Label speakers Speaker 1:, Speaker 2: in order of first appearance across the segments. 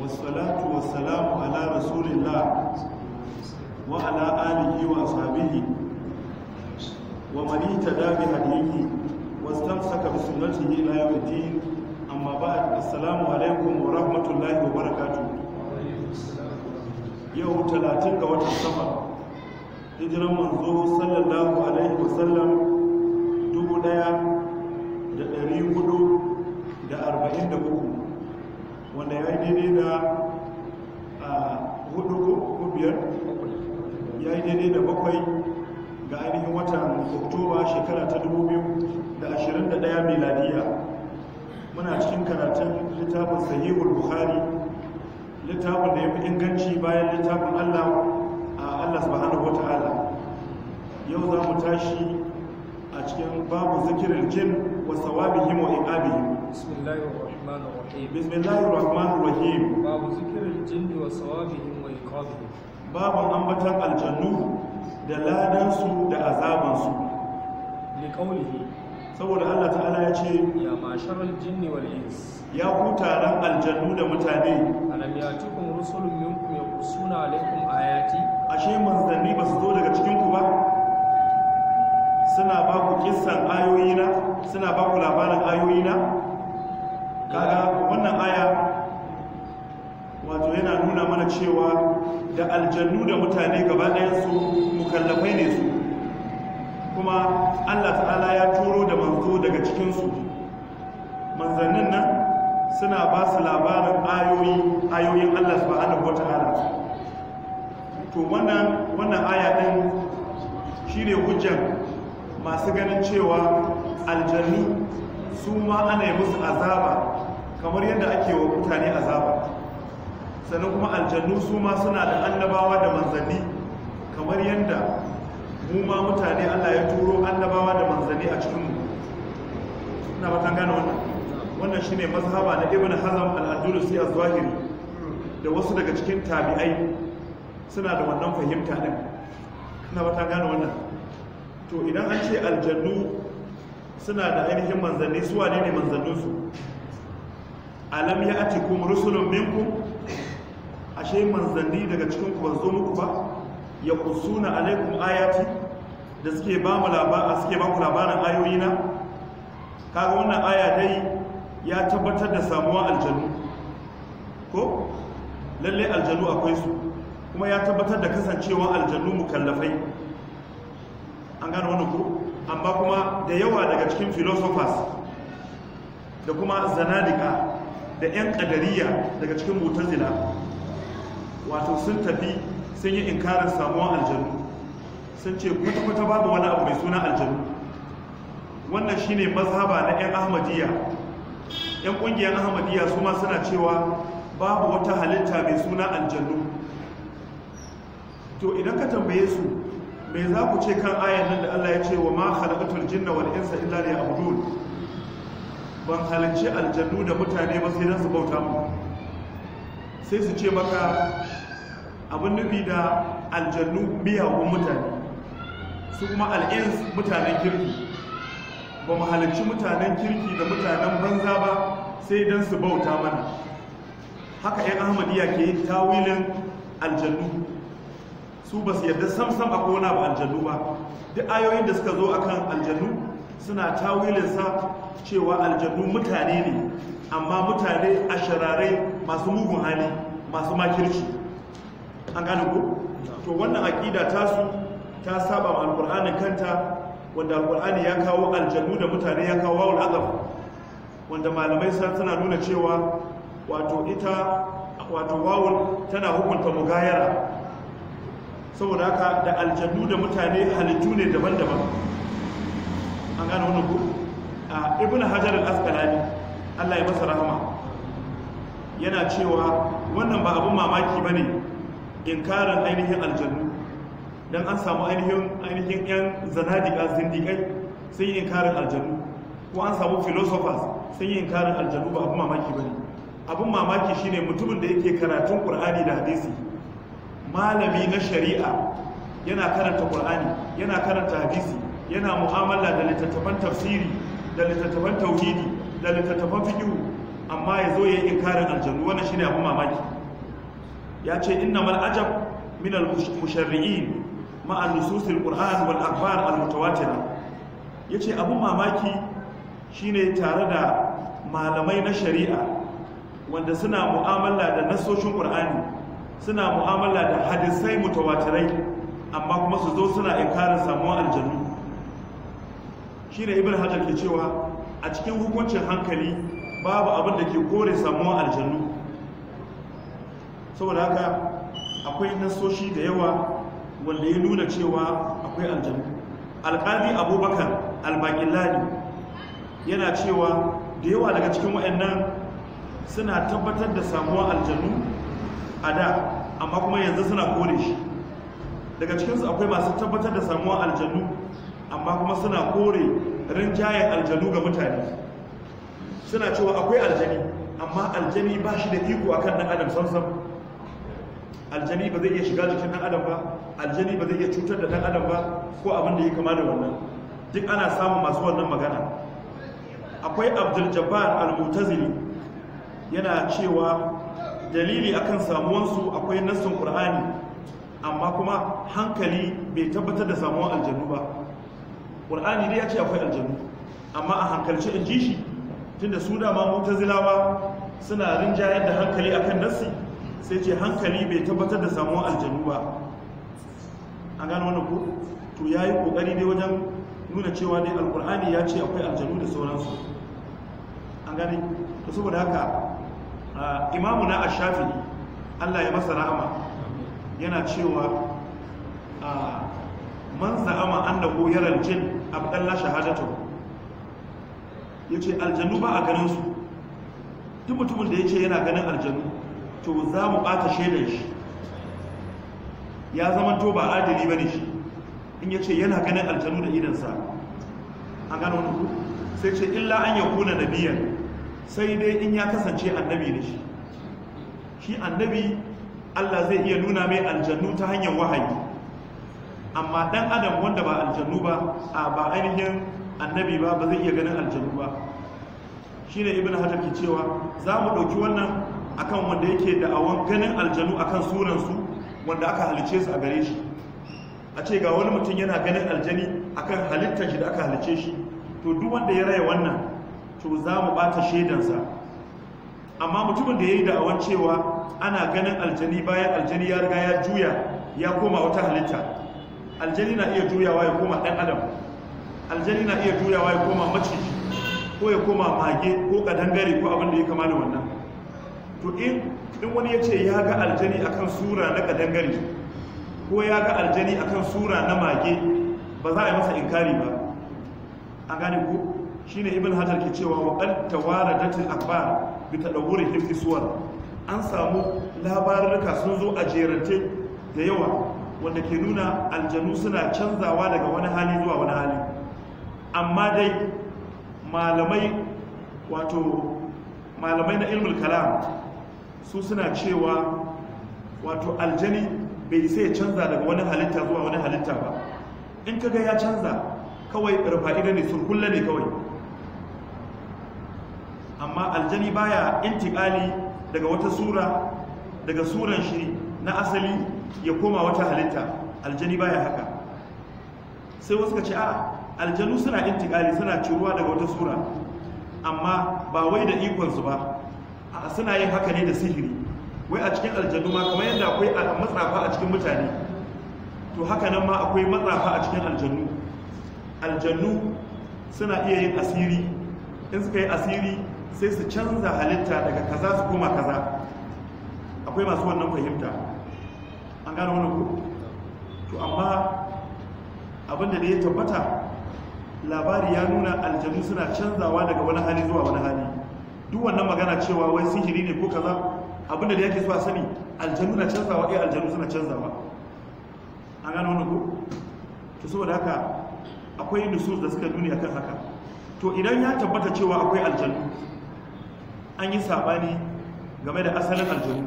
Speaker 1: wasalatu wasalamu ala rasulillah wa ala alihi wa ashabihi wa manita dabi hadihi wa stamsaka bi sunnatihi ila yawm al-din amma ba'd assalamu alaikum wa rahmatullahi wa barakatuh yau talatin ga watan safa hijran manzo sallallahu alaihi wa sallam dubu daya da da da arba'in 443 wanda ya yi daidai da hudu ko biyar ya yi daidai da bakwai ga ainihin watan oktoba shekara ta 2021 miladiya muna cikin karatun littafin sahihul bukhari littafin da ya fi inganci bayan littafin allah a allah subhanahu wata'ala yau za mu tashi a cikin babu zikirin jin wa himo wa iqabihim بسم الله الرحمن الرحيم بسم الله الرحمن الرحيم
Speaker 2: باب ذكر الجن وثوابهم وعقابهم باب أنبتن الجنو
Speaker 1: da ladansu da azabansu لقوله qawlihi saboda Allah ta'ala ya ce ya masharal jinni wal ins ya ku taron aljannu da
Speaker 2: mutane alam yatukum rusulun ya kusuna alaykum ayati ashe manzanni
Speaker 3: ba su zo daga cikin ku ba
Speaker 1: suna ba ku kissan ayoyina suna ba ku labarin ayoyina kaga wannan aya wato yana nuna mana cewa da aljannu da mutane gaba su mukallafai ne su kuma allah ta'ala ya turo da manzo daga cikinsu manzannin nan suna ba su labarin ayoyin allah subhanahu wata'ala to wannan aya din shi ne hujjan masu ganin cewa aljannu su ma ana yi musu azaba kamar yadda ake wa mutane azaba sannan kuma aljannu su ma suna da annabawa da manzanni kamar yadda mu ma mutane Allah ya turo annabawa da manzanni a cikin mu ina ba gane wannan wannan shine mazhaba na Ibn Hazm al-Andalusi az-Zahiri da wasu daga cikin tabi'ai suna da wannan fahimta din suna ba gane wannan to idan an ce aljannu suna da ainihin manzanni su wane ne manzanninsu alam ya ati kuma rusulun minku ashe manzanni daga cikin ku wanzo muku ba ya kusuna alaikum ayati da suke ba mu labarin suke ba ku labarin na kaga wannan aya dai ya tabbatar da samuwa aljanu ko lalle aljanu akwai su kuma ya tabbatar da kasancewa aljanu mukallafai an gano wannan ko amma kuma da yawa daga cikin philosophers da kuma zanadika da 'yan kadariya daga cikin motar zila wato sun tafi sun yi inkarin samuwar aljanu sun ce kwata-kwata babu wani abu mai suna aljanu wannan shine mazhaba na 'yan ahmadiyya 'yan kungiyar ahmadiyya su ma suna cewa babu wata halitta mai suna aljanu to idan ka tambaye su me za ku ce kan ayan nan da Allah ya ce wa ma khalaqatul jinna wal insa illa liya'budun ban halarci aljannu da mutane ba sai don su bauta mu sai su ce maka abin nufi da aljannu miyagun mutane su kuma al'ins mutanen kirki ba mu halicci mutanen kirki da mutanen banza ba sai don su bauta mana haka 'yan ahmadiyya ke yin tawilin aljannu su ba su yadda sam a kona ba aljannu ba duk ayoyin da suka zo akan aljannu suna tawilinsa cewa aljannu mutane ne amma mutane a shararai masu mugun hali masu makirci an gane ku? to wannan aƙida tasu ta saba ma kanta wanda alƙur'ani ya kawo aljannu da mutane ya kawo wa azab wanda malamai tana nuna cewa wato ita wato wawul tana hukunta mugayara saboda haka da aljannu da mutane halittu ne daban-daban an gane wannan ku a ibn hajar al-asqalani Allah ya masa rahama yana cewa wannan ba abin mamaki bane inkarin ainihin aljannu dan an samu ainihin ainihin yan zanadiqa zindikai sun yi inkarin aljannu ko an samu philosophers sun yi inkarin aljannu ba abin mamaki bane abin mamaki shine mutumin da yake karatun qur'ani da hadisi malami na shari'a yana karanta qur'ani yana karanta hadisi yana mu'amala da littattafan tafsiri da littattafan tauhidi da littattafan fiqh amma ya zo ya yi inkarin aljannu wannan shine abu mamaki ya ce innamal ajab min al-musharri'in ma'a nususil qur'an wal akhbar al-mutawatira yace abin mamaki shine tare da malamai na shari'a wanda suna mu'amala da nasoshin qur'ani suna mu'amala da hadisai mutawatirai amma kuma su zo suna inkarin samuwar aljannu shine ibn hajar ke cewa a cikin hukuncin hankali babu abin da ke kore samuwa aljannu saboda haka akwai nasoshi da yawa wanda ya nuna cewa akwai aljannu alƙadi abubakar albaƙillani yana cewa da yawa daga cikin waɗannan suna tabbatar da samuwa aljannu a da amma kuma yanzu suna kore shi daga cikinsu akwai masu tabbatar da samuwa aljannu amma kuma suna kore rinjayen aljanu ga mutane suna cewa akwai aljani amma aljani ba shi da iko a kan adam samsam aljani ba zai iya shiga jikin ɗan adam ba aljani ba zai iya cutar da ɗan adam ba ko abin da ya kama da wannan duk ana samun masu wannan magana akwai abdul jabbar al-mutazili yana cewa dalili akan samuwansu akwai nassin qur'ani amma kuma hankali bai tabbatar da samuwar aljanu ba ƙur'ani dai ya ce akwai aljanu amma a hankalce in ji shi tunda su dama mutazilawa suna rinjayar da hankali akan nasi sai ce hankali bai tabbatar da samuwar aljanu ba an gano wani ko to ya yi ƙoƙari dai wajen nuna cewa dai alƙur'ani ya ce akwai aljanu da sauransu an gani to saboda haka imamu na ashafi allah ya masa rahama yana cewa man za'ama annahu yaral jinn abdalla shahadatu ya ce aljannu ba a ganin su. duk mutumin da ya ce yana ganin aljannu to za mu bata shaidar shi ya zama to ba adali ba ne shi in ya ce yana ganin aljannu da idansa an gano wani ku sai ce illa an ya kuna nabiyan sai dai in ya kasance annabi ne shi shi annabi allah zai iya nuna mai aljannu ta hanyar wahayi amma dan adam wanda ba aljannu ba a ba ainihin annabi ba ba zai iya ganin aljannu ba shine ibn hajar ke cewa za mu ɗauki wannan akan wanda yake awon ganin aljannu akan sunansu wanda aka halice su a gare shi a ce ga wani mutum yana ganin aljani akan halittar shi da aka halice shi to duk wanda ya raya wannan to za mu bata shaidansa amma mutumin da ya yi da awon cewa ana ganin aljani bayan aljani ya riga ya juya ya koma wata halitta aljani na iya juyawa ya koma ɗan adam aljani na iya juyawa ya koma maciji ko ya koma mage ko kadangare ko abin da ya kama da wannan to in wani ya ce ya ga aljani akan sura na kadangare ko ya ga aljani akan sura na mage ba za a yi masa inkari ba a gane ko shine ibn hajar ke cewa wa datin datin al akhbar bi tadawwuri hifzi suwar an samu labarurka sun zo a jerante da yawa wanda ke nuna aljanu suna canzawa daga wani hali zuwa wani hali amma dai malamai wato malamai na ilmul kalam su suna cewa wato aljani bai sai canza daga wani halitta zuwa wani halitta ba in kaga ya canza kawai rufa'ida ne surkulla ne kawai amma aljani baya intikali daga wata sura daga suran shi na asali ya koma wata halitta aljani baya haka sai wasu ka ce a aljanu suna intikali suna ciruwa daga wata sura amma ba wai da ikonsu ba suna yin haka ne da sihiri wai a cikin aljanu ma kamar yadda akwai matsafa a cikin mutane to haka nan ma akwai matsafa a cikin aljanu Aljanu suna iya yin asiri in suka yi asiri sai su canza halitta daga kaza su koma kaza akwai masu wannan fahimta an gano wani ku to amma abinda da ya tabbata labari ya nuna aljanu suna canzawa daga wani hali zuwa wani hali duk wannan magana cewa wai sihiri ne ko kaza abinda da yake zuwa sani aljanu na canzawa eh aljanu suna canzawa an gano wani ku to saboda haka akwai nusus da suka duniya kan haka to idan ya tabbata cewa akwai aljanu an yi sabani game da asalin aljanu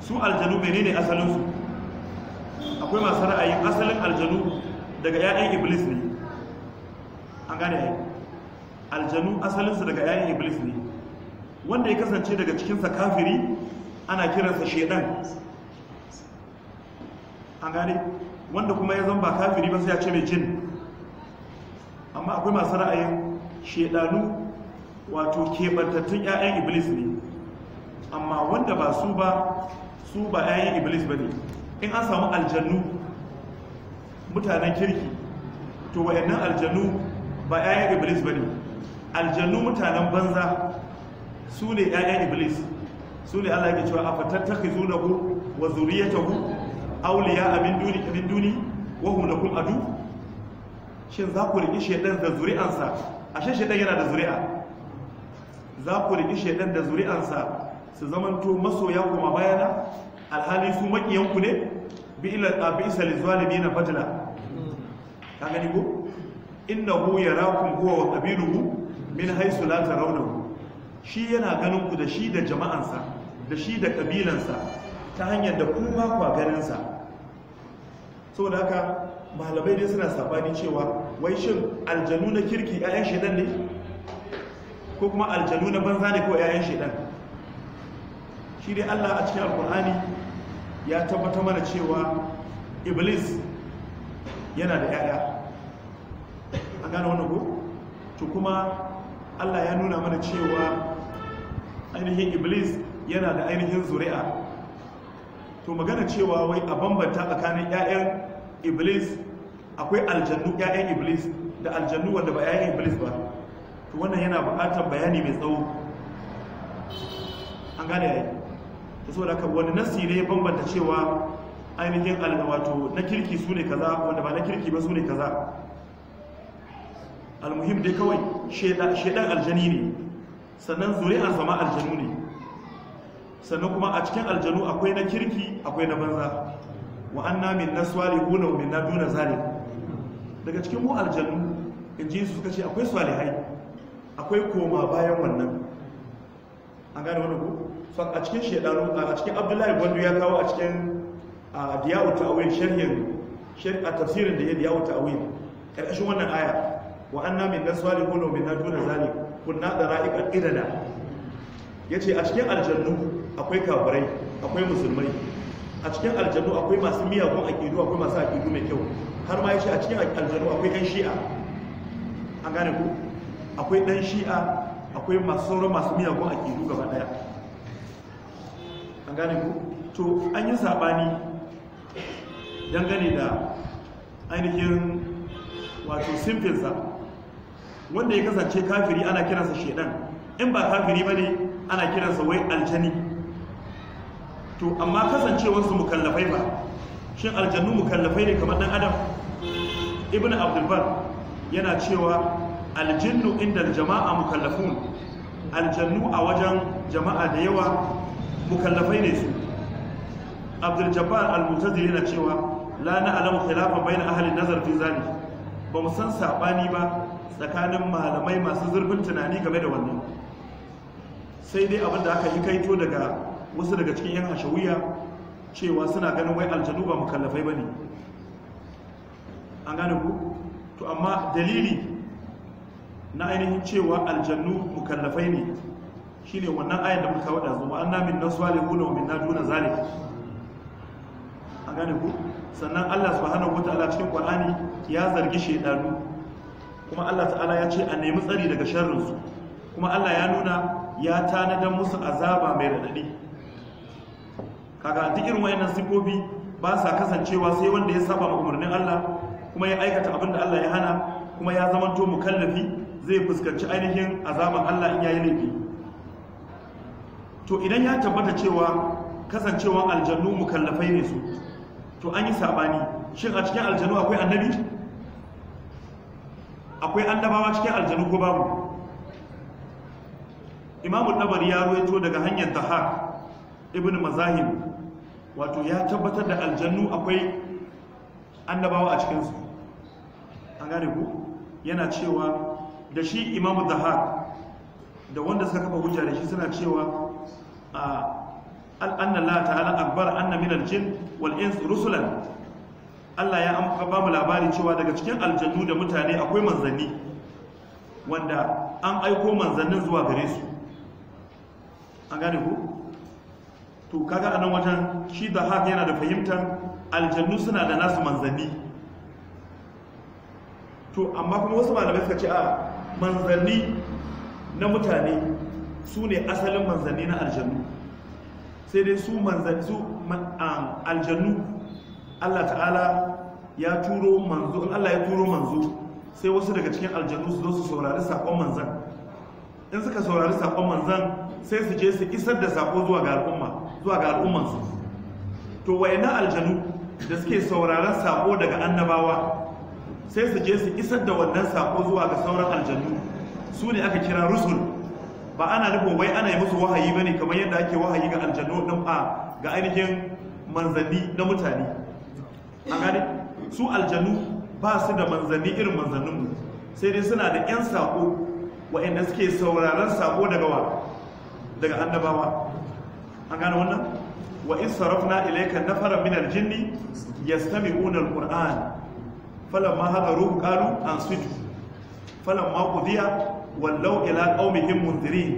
Speaker 1: su aljanu menene su? akwai masu ra'ayin asalin aljanu daga 'ya'yan iblis ne an gane ya aljanu asalinsu daga 'ya'yan iblis ne wanda ya kasance daga cikinsa kafiri ana kiransa shaidan an gane wanda kuma ya ba kafiri ba sai ya ce mai jin amma akwai masu ra'ayin shaidanu wato keɓantattun 'ya'yan iblis ne amma wanda ba su ba su ba 'ya'yan iblis ba ne in an samu aljannu mutanen kirki to wayannan aljannu ba 'ya'yan iblis ba ne aljannu mutanen banza su ne 'ya'yan iblis su ne allah ya cewa a fatattaki ku wa ku auliya abin duni kamin duni wa hum kun adu shin za ku riƙi shaidan da zuri'ansa shaidan yana da zuri'a za ku riƙi shaidan da zuri'ansa su zamanto masoya kuma bayana alhali su makiyanku ne bi ila bi isal na badla ka gani ko innahu yarakum huwa wa qabiluhu min haythu la tarawnahu shi yana ganin ku da shi da jama'ansa da shi da kabilansa ta hanyar da kuma kwa ganin sa saboda haka malamai dai suna sabani cewa wai shin aljanu na kirki 'ya'yan shedan ne ko kuma aljanu na banza ne ko 'ya'yan shedan shi dai Allah a cikin alkur'ani ya tabbata mana cewa iblis yana da yaya a gane wannan ku? to kuma allah ya nuna mana cewa ainihin iblis yana da ainihin zuri'a to magana cewa wai a bambanta tsakanin 'ya'yan iblis akwai aljannu 'ya'yan iblis da aljannu wanda ba 'ya'yan iblis ba to wannan yana buƙatar bayani mai tsawo an gane yayi saboda haka wani nasi ne bambanta cewa ainihin wato na kirki su ne kaza wanda ba na kirki ba su ne kaza almuhim dai kawai shaidan aljani ne sannan zuri'an zama aljanu ne sannan kuma a cikin aljanu akwai na kirki akwai na banza wa na min na huna wa min duna zane. daga cikin mu aljanu in ji su suka ce akwai salihai akwai koma bayan wannan an gane wani ku so a cikin shedanu a cikin abdullahi gwandu ya kawo a cikin a diyawu ta'awil sharhin a tafsirin da ya diyawu ta'awil ƙarƙashin wannan aya wa an anna min naswali kullu min najuna zalik kunna dara'iqa idana ce a cikin aljannu akwai kafirai akwai musulmai a cikin aljannu akwai masu miyagun aƙidu akwai masu aƙidu mai kyau har ma ya ce a cikin aljannu akwai ɗan shi'a an gane ku akwai ɗan shi'a akwai masu sauran masu miyagun ke gaba daya an gane ku to an yi sabani dangane da ainihin wato simfinsa wanda ya kasance kafiri ana kiransa shedan in ba kafiri ba ne ana kiransa wai aljani to amma kasancewarsu mukallafai ba shin aljannu mukallafai ne kamar dan adam ibn abdulbar yana cewa aljinnu inda jama'a mukallafun aljannu a wajen jama'a da yawa mukallafai ne su abdul jabbar al-mutazili yana cewa la na'lamu khilafan bayna ahli nazar fi zalik ba mu san sabani ba tsakanin malamai masu zurbin tunani game da wannan sai dai abin da aka yi kaito daga wasu daga cikin yan hashawiya cewa suna ganin wai aljanu ba mukallafai bane an gane ku to amma dalili na ainihin cewa aljannu mukallafai ne shine wannan ayan da muka wada zuwa anna min nasalihuna wa minna duna zalik an gane ku sannan Allah subhanahu wataala cikin Qur'ani ya zargi shedanu kuma Allah ta'ala ya ce a nemi tsari daga sharrin su kuma Allah ya nuna ya tanadan musu azaba mai radadi kaga duk irin wayannan sifofi ba sa kasancewa sai wanda ya saba umarnin Allah kuma ya aikata abin da Allah ya hana kuma ya zamanto mukallafi zai fuskanci ainihin azaban Allah in yayi laifi to idan ya tabbata cewa kasancewa aljannu mukallafai ne su to an yi sabani shin a cikin aljannu akwai annabi akwai annabawa cikin aljannu ko babu imamu dabari ya ruwaito daga hanyar dahak ibn mazahim wato ya tabbatar da aljannu akwai annabawa a cikinsu an gane ku yana cewa da shi imamu zahar da wanda suka kafa hujja da shi suna cewa a Al'anna, la ta'ala akbar anna min al-jin wal ins rusulan Allah ya amfa ba mu labari cewa daga cikin aljannu da mutane akwai manzanni wanda an aiko manzannin zuwa gare su an gane ku to kaga anan wajen shi da haka yana da fahimtar aljannu suna da nasu manzanni to amma kuma wasu malamai suka ce a manzanni na mutane su ne asalin manzanni na aljannu sai dai su manzanni su um, aljannu Allah ta'ala ya turo manzo in Allah ya turo manzo sai wasu daga cikin aljannu su zo su saurari sakon manzan in suka saurari sakon manzan sai su je su isar da sako zuwa ga al'umma zuwa ga al'ummansu to wayannan aljanu da suke sauraron sako daga annabawa sai su je su isar da wannan sako zuwa ga sauran aljannu su ne aka kira rusul ba ana nufin wai ana yi musu wahayi bane kamar yadda ake wahayi ga aljannu din a ga ainihin manzanni na mutane a gani, su aljannu ba su da manzanni irin mu sai dai suna da 'yan sako wa'anda suke sauraron sako daga wa daga annabawa a gani wannan wa in sarafna ilayka nafaran min aljinni yastami'una alquran falamma hadaru qalu ansitu falamma qudiya wallaw ila qaumihim munzirin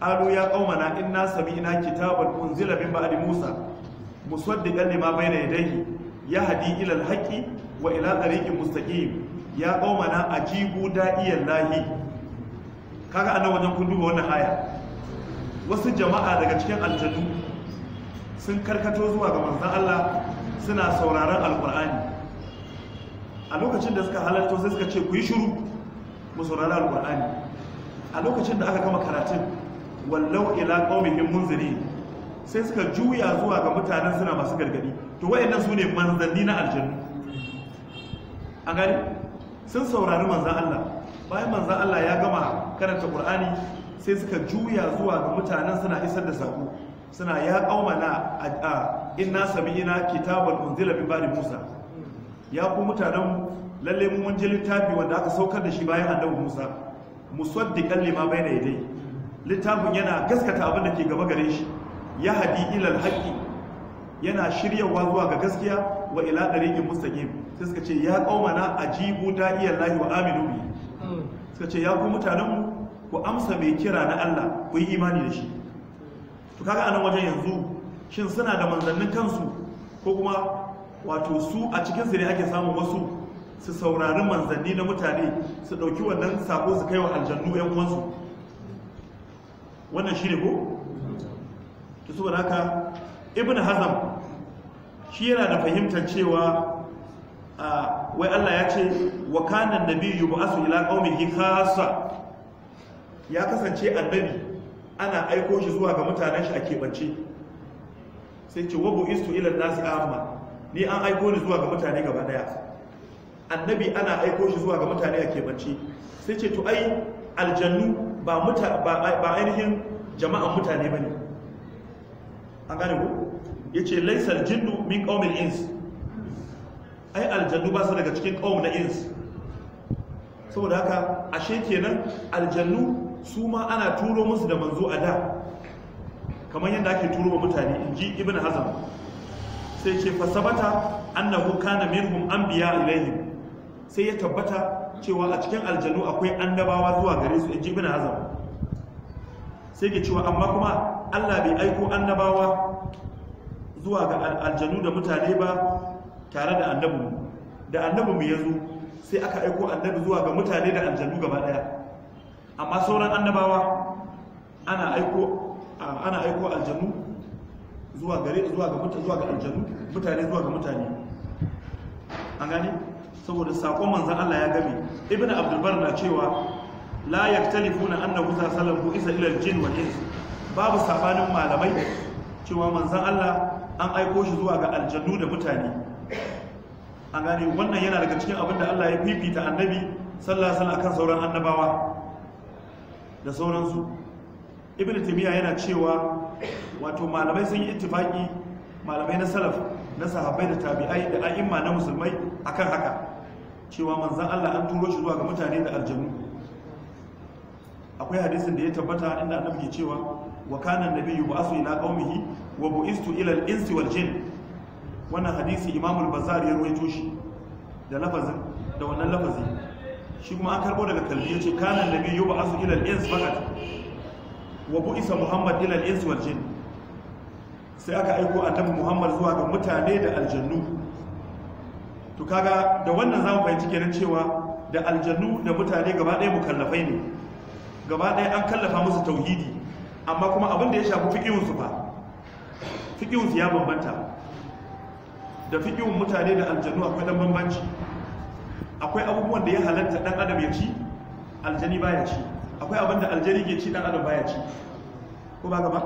Speaker 1: qalu ya qaumana inna sami'na kitaban unzila min ba'di musa musaddiqan lima ya yadayhi Ya ila ilal haqqi wa ila tariqin mustaqim ya qaumana ajibu da'iyallahi kaga annabi wajen kundu duba wannan aya wasu jama'a daga cikin aljanu sun karkato zuwa ga manzon Allah suna sauraron alqur'ani a lokacin da suka halarta sai suka ce ku yi shiru mu saurari alqur'ani a lokacin da aka gama karatun wallau ila qaumihim munzari sai suka juya zuwa ga mutanen suna masu gargadi to wayannan sune manzanni na aljanna a gani sun saurari manzan Allah bayan manzan Allah ya gama karanta Qur'ani sai suka juya zuwa ga mutanen suna isar da sako suna ya qaumana inna sami'ina kitabun unzila min ba'di Musa ya ku mutanen lalle mun littafi wanda aka saukar da shi bayan annabi Musa musaddiqan lima bayna yadai littafin yana gaskata abin da ke gaba gare shi ya hadi ilal haqqi yana shiryawa zuwa ga gaskiya wa ila dariqin mustaqim sai suka ce ya qaumana ajibu da'iyallahi wa aminu bi suka ce ya ku mutanen mu ku amsa mai kira na Allah ku yi imani da shi to kaga anan wajen yanzu shin suna da manzannin kansu ko kuma wato su a cikin su ne ake samun wasu su saurari manzanni na mutane su ɗauki wannan sako su kai wa aljannu yan uwansu wannan shi ne ko ta su haka ibn hazam shi yana da fahimtar cewa wai Allah ya ce wa yi ba ba'asu ila qaumihi khassa ya kasance annabi ana aiko shi zuwa ga mutanen shi a kebance. sai ce wabu istu ilan nasi amma ni an aiko ni zuwa ga mutane gaba daya annabi ana aiko shi zuwa ga mutane a kebanci sai ce to ai aljannu ba ainihin jama'an mutane ba ne an gane ku ya ce laisar jinnu min ƙaumin ins ai aljannu ba su daga cikin ƙaumin na ins saboda haka ashe kenan aljannu su ma ana turo musu da manzo a da kamar yadda ake turo wa mutane in ji ibn hazan sai ce fa sabata annahu kana minhum anbiya ilaihim sai ya tabbata cewa a cikin aljanu akwai annabawa zuwa gare su inji ibn azam sai ke cewa amma kuma Allah bai aiko annabawa zuwa ga aljanu da mutane ba tare da annabi da annabi mu yazo sai aka aiko annabi zuwa ga mutane da aljanu gaba daya amma sauran annabawa ana aiko ana aiko aljanu zuwa gare zuwa ga mutane zuwa ga aljanu mutane zuwa ga mutane an gane saboda sakon manzon Allah ya gami. ibnu abdul barna na cewa la yaktalifuna annahu sallallahu isa ila aljin wal ins babu sabanin malamai cewa manzon Allah an aiko shi zuwa ga aljanu da mutane an gane wannan yana daga cikin abinda da Allah ya fifita annabi sallallahu alaihi wasallam akan sauran annabawa da sauransu ibnu timiya yana cewa wato malamai sun yi ittifaki malamai na salaf na sahabbai da tabi'ai da a'imma na musulmai akan haka cewa manzan Allah an turo shi zuwa ga mutane da aljanu akwai hadisin da ya tabbata inda annabi ke cewa wa kana annabiyyu ba'athu ila qaumihi wa bu'istu ila al-insi wal jinn wannan hadisi imam al-bazzar ya rawaito shi da lafazin da wannan lafazi shi kuma an karbo daga kalbi yace kana annabiyyu ba'athu ila al-ins faqat wa isa muhammad ila al-insi wal sai aka aiko annabi muhammad zuwa ga mutane da aljannu to kaga da wannan zamu fahimci kenan cewa da aljannu da mutane gaba ɗaya mukallafai ne gaba ɗaya an kallafa musu tauhidi amma kuma abin da ya shafi fiqihun su fa fiqihun ya bambanta da fiqihun mutane da aljannu akwai dan bambanci akwai abubuwan da ya halatta dan adam ya ci aljani baya ci akwai abin da aljari ke ci dan adam baya ci ko ba gaba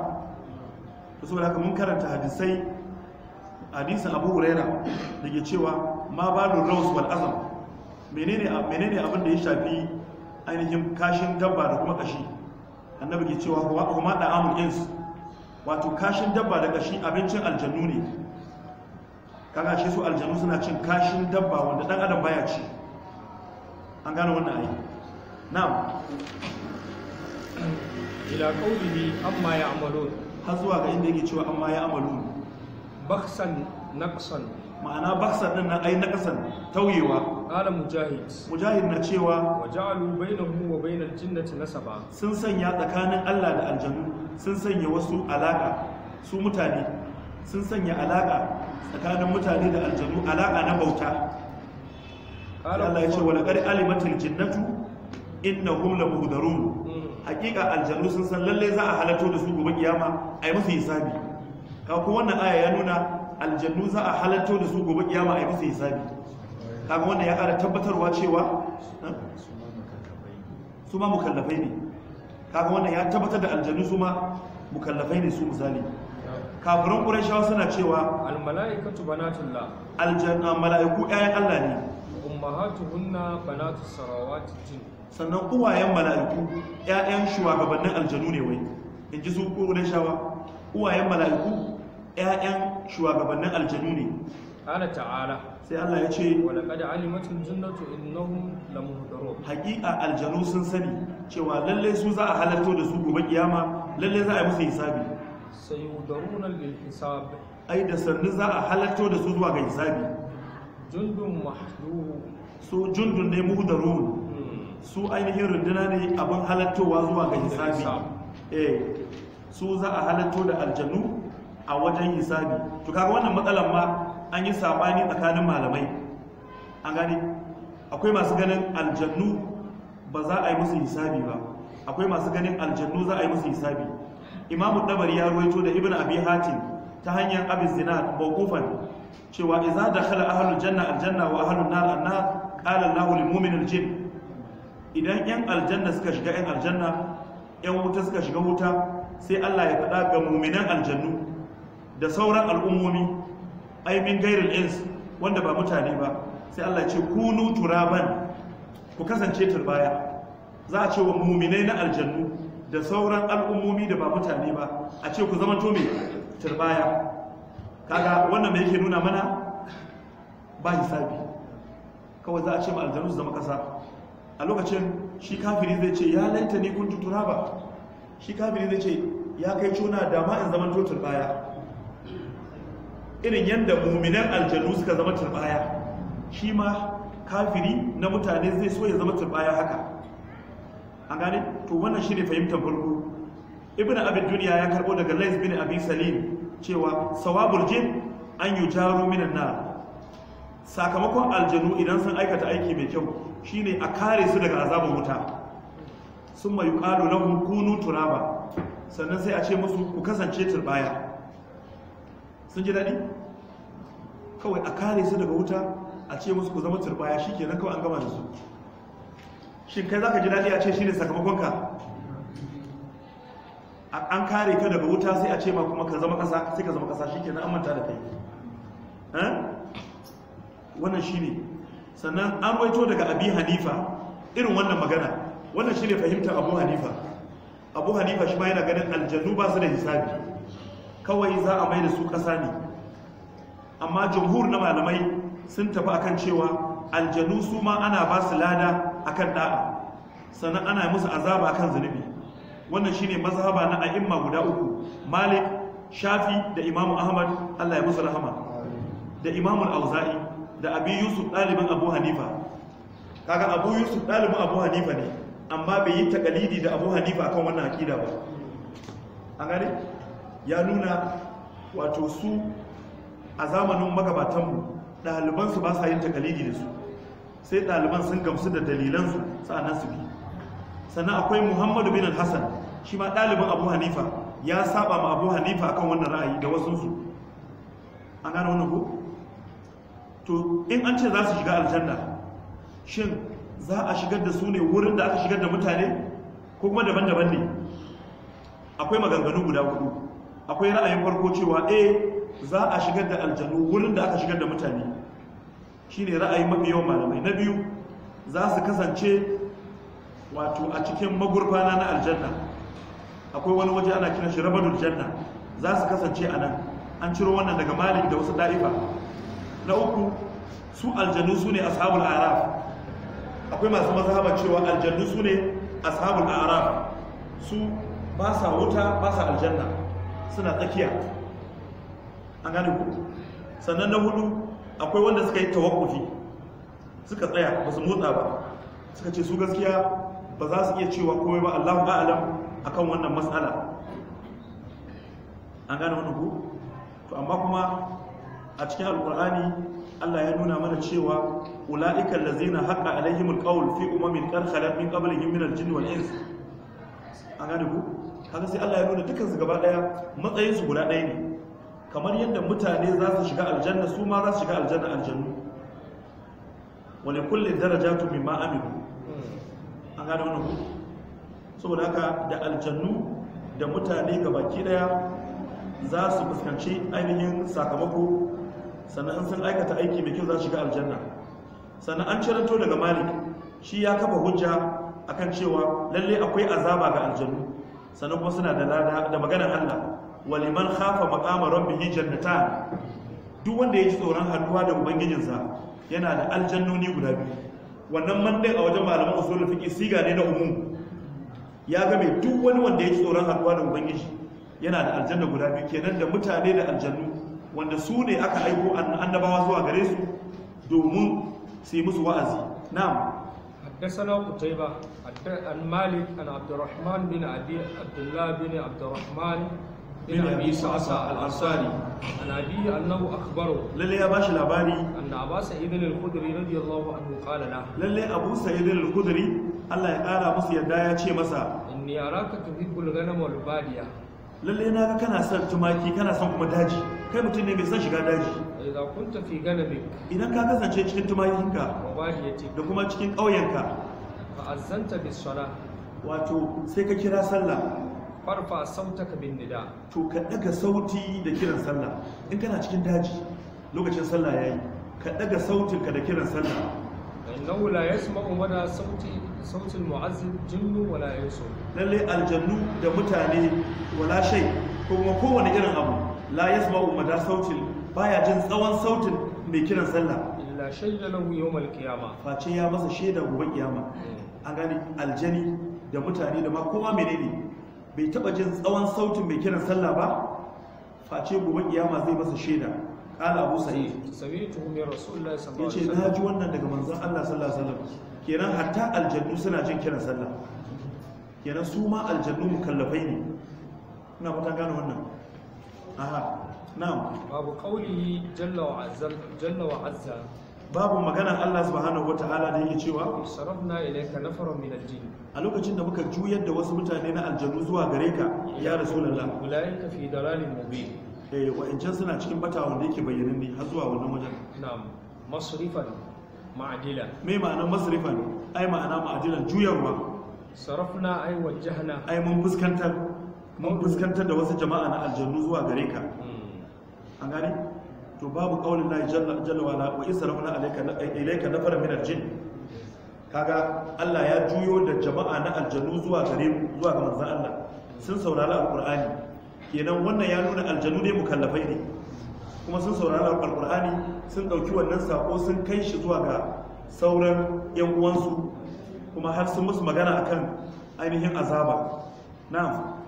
Speaker 1: to saboda haka mun karanta hadisai hadisin abu huraira da ke cewa ma balu raus wal azam menene menene abin da ya shafi ainihin kashin dabba da kuma kashi annabi ke cewa wa kuma da amul ins wato kashin dabba da kashi abincin aljannu ne kaga shi su aljannu suna cin kashin dabba wanda dan adam baya ci an gano wannan ayi na'am ila qawlihi amma ya'malun har zuwa ga inda yake cewa amma ya'malun baksan naqsan ma'ana baksan din na ai naqsan
Speaker 2: tauyewa
Speaker 1: qala mujahid mujahid na cewa waja'alu bainahu wa bainal jinnati nasaba sun sanya tsakanin Allah da aljannu sun sanya wasu alaka su mutane sun sanya alaka tsakanin mutane da aljannu alaka na bauta Allah ya ce wa laqad alimatil jinnatu innahum lamuhdarun hakika aljannu sun san lalle za a halatto da su gobe kiyama a musu hisabi kawo kuma wannan aya ya nuna aljannu za a halatto da su gobe kiyama a musu hisabi kaga wannan ya kara tabbatarwa cewa eh, su ma mukallafai ne kaga wannan ya tabbatar da aljannu su ma mukallafai ne su misali kafirin qurayshawa suna cewa almalaikatu banatullah aljanna malaiku ayyan Allah ne
Speaker 2: ummahatuhunna banatus sarawati jinn sannan uwayen mala'iku
Speaker 1: 'ya'yan shugabannin aljanu ne wai in ji su ko gudan shawa uwayen mala'iku 'ya'yan shugabannin aljanu ne
Speaker 2: Ƙala ta'ala sai Allah ya ce wa laqad alimatul jannatu innahum lamuhdarun haqiqa aljanu sun sani cewa lalle su za a halarto da su gobe kiyama lalle za a yi musu hisabi
Speaker 1: Sai sayudaruna lil hisab ai da sannu za a halarto da su zuwa ga hisabi jundun mahdu so jundun ne muhdarun su ainihin runduna ne abin halattowa zuwa ga hisabi eh su za a halatto da aljannu a wajen hisabi to kaga wannan matsalan ma an yi sabani tsakanin malamai an gane akwai masu ganin aljannu ba za a yi musu hisabi ba akwai masu ganin aljannu za a yi musu hisabi imamu dabari ya ruwaito da ibn abi hatim ta hanyar abin zina mawqufan cewa idza dakhala ahlul janna aljanna wa ahlun nar annar qala lahu lil mu'minil jinn idan yan aljanna suka shiga yan aljanna yan wuta suka shiga wuta sai Allah ya faɗa ga muminan aljannu da sauran al'ummomi aimin min gairil ins wanda ba mutane ba sai Allah ya ce kunu turaban ku kasance turbaya za a ce wa muminai na aljannu da sauran al'ummomi da ba mutane ba a ce ku zama tome turbaya kaga wannan mai yake nuna mana ba hisabi kawai za a ce ma aljannu su zama kasa a lokacin shi kafiri zai ce ya laita ni tutura ba shi kafiri zai ce ya kai cuna da ma'in in zaman totar baya irin yadda muminan aljanu suka zama turbaya shi ma kafiri na mutane zai so ya zama turbaya haka an gane to wannan shi ne fahimtar farko ibn abin duniya ya karbo daga lais bin abin salim cewa sawabul jin an yi jaro minan sakamakon aljanu idan sun aikata aiki mai kyau shine a kare su daga azabar wuta sun mai kado na kunu turaba sannan sai a ce musu ku kasance turbaya sun ji daɗi kawai a kare su daga wuta a ce musu ku zama turbaya shi ke na kawai an gama da su shin kai za ka ji daɗi a ce shi ne sakamakonka an kare ka daga wuta sai a ce ma kuma ka zama ƙasa sai ka zama ƙasa shi ke na amanta da kai hm? wannan ne. sannan an waito daga abi hanifa irin wannan magana wannan ne fahimtar abu hanifa abu hanifa shi ma yana ganin aljannu ba su da hisabi kawai za a mai da su ƙasa ne amma jamhur na malamai sun tafi akan cewa aljannu su ma ana ba su lada akan da'a sannan ana musu azaba akan zunubi wannan shine mazhaba na a'imma guda uku malik shafi da imamu ahmad allah ya musu rahama da imamul auza'i da abu yusuf ɗalibin abu hanifa kaga abu yusuf ɗalibin abu hanifa ne amma bai yi takalidi da abu hanifa kan wannan akida ba a gani ya nuna wato su a zamanin magabatanmu ɗalibansu ba sa yin takalidi da su sai ɗaliban sun gamsu da dalilansu sa'anan su bi sannan akwai muhammadu bin hassan shi ma ɗalibin abu hanifa ya saba ma abu hanifa akan wannan ra'ayi da su an gane wannan ko to in an ce za su shiga aljanna shin za a shigar da su ne wurin da aka shigar da mutane ko kuma daban-daban ne akwai maganganu guda hudu akwai ra'ayin farko cewa eh za a shigar da aljanu wurin da aka shigar da mutane shine ra'ayin mafi yawan malamai na biyu za su kasance wato a cikin magurfana na aljanna akwai wani waje ana kiran shi rabadul janna za su kasance a nan an ciro wannan daga malik da wasu da'ifa na uku su aljannu su ne ashabul araf akwai masu mazhaba cewa aljannu su ne ashabul araf su ba sa wuta ba sa aljanna suna tsakiya an gane ku sannan na hudu akwai wanda suka yi tawakkufi suka tsaya ba su motsa ba suka ce su gaskiya ba za su iya cewa komai ba Allahu a'lam akan wannan matsala an gane wani ku to amma kuma a cikin alkur'ani Allah ya nuna mana cewa ula'ikal ladzina haqa alaihimul qawl fi umamin qad khalat min qablihim yin minar jini wal ins an gane ku Haka sai Allah ya nuna dukkan su gaba daya matsayin su guda daya ne kamar yadda mutane za su shiga aljanna su ma za su shiga aljanna aljannu wa li kulli darajatu ma amilu an gane wannan ku saboda haka da aljannu da mutane gabaki daya za su fuskanci ainihin sakamako sannan sun aikata aiki mai kyau za su shiga aljanna sannan an ciranto daga malik shi ya kafa hujja akan cewa lalle akwai azaba ga aljannu sannan kuma suna da lada da maganar Allah waliman khafa maqama rabbih jannatan duk wanda ya tsoron haduwa da ubangijinsa yana da aljannoni guda biyu wannan mandai a wajen malaman usulul fiqh siga ne na umu ya ga mai duk wani wanda ya ji tsoron haduwa da ubangiji yana da aljanna guda biyu kenan da mutane da aljannu wanda su ne aka aiko annabawa zuwa gare su domin su musu wa'azi na'am
Speaker 2: haddasana qutayba an malik an abdurrahman bin abi abdullah bin abdurrahman bin abi sa'sa al-ansari an abi annahu akhbaro lalle ya bashi labari an aba sayyidul khudri radiyallahu anhu qala la lalle abu
Speaker 1: sayyidul khudri Allah ya ƙara musu yadda ya ce masa inni araka tuhibbul ghanam wal badiya lalle na ga kana son tumaki kana son kuma daji kai mutum ne mai son shiga daji idan ka kasance cikin tumakinka da kuma cikin ƙauyenka fa'azzanta bi sala wato sai ka kira sallah
Speaker 2: farfa sautaka bin nida
Speaker 1: to ka daga sauti da kiran sallah in kana cikin daji lokacin sallah yayi ka daga sautinka da kiran sallah
Speaker 2: innahu la yasma'u mana sauti sautin mu'azzin jinnu wala yansu
Speaker 1: lalle aljannu da mutane wala shay kuma kowane irin abu la yasma'u mada sautin baya jin tsawon sautin mai kiran sallah
Speaker 2: illa shayya lahu yawmal qiyama
Speaker 1: face ya masa shaida gobe kiyama an gani aljani da mutane da ma kowa menene bai taba jin tsawon sautin mai kiran sallah ba face gobe kiyama zai masa shaida قال أبو سعيد سمعته من رسول الله صلى الله عليه وسلم يجي ناجي wannan daga manzon Allah sallallahu alaihi wasallam kenan hatta aljannu suna jin kiran sallah kenan su ma aljannu mukallafai ne ina fata gane wannan aha na'am
Speaker 2: babu qawli jalla wa azza jalla wa azza babu magana Allah subhanahu
Speaker 1: wataala da yake cewa sarafna
Speaker 2: ilayka nafaran min aljin
Speaker 1: a lokacin da muka juyar da wasu mutane na aljannu zuwa gare ka ya rasulullah ulaika fi dalalin mubin eh wa'ancan suna cikin bata wanda yake bayyanin ne har zuwa wannan wajen na'am masrifan ma'adila me ma'anar masrifan ai ma'ana ma'adilan juyarwa
Speaker 2: sarafna
Speaker 1: ai wajjahna ai mun fuskantar mun fuskantar da wasu jama'a na aljannu zuwa gare ka hmm. an gane to babu qaulin la jalla jalla wala wa israfna alayka ilayka nafara min aljin kaga Allah ya juyo da jama'a na aljannu zuwa gare mu zuwa ga manzon Allah sun saurari alqur'ani kenan wannan ya nuna aljanu ne mukallafai ne kuma sun saurari alkur'ani sun ɗauki wannan sako sun kai shi zuwa ga sauran yan uwansu kuma har sun musu magana akan ainihin azaba na'am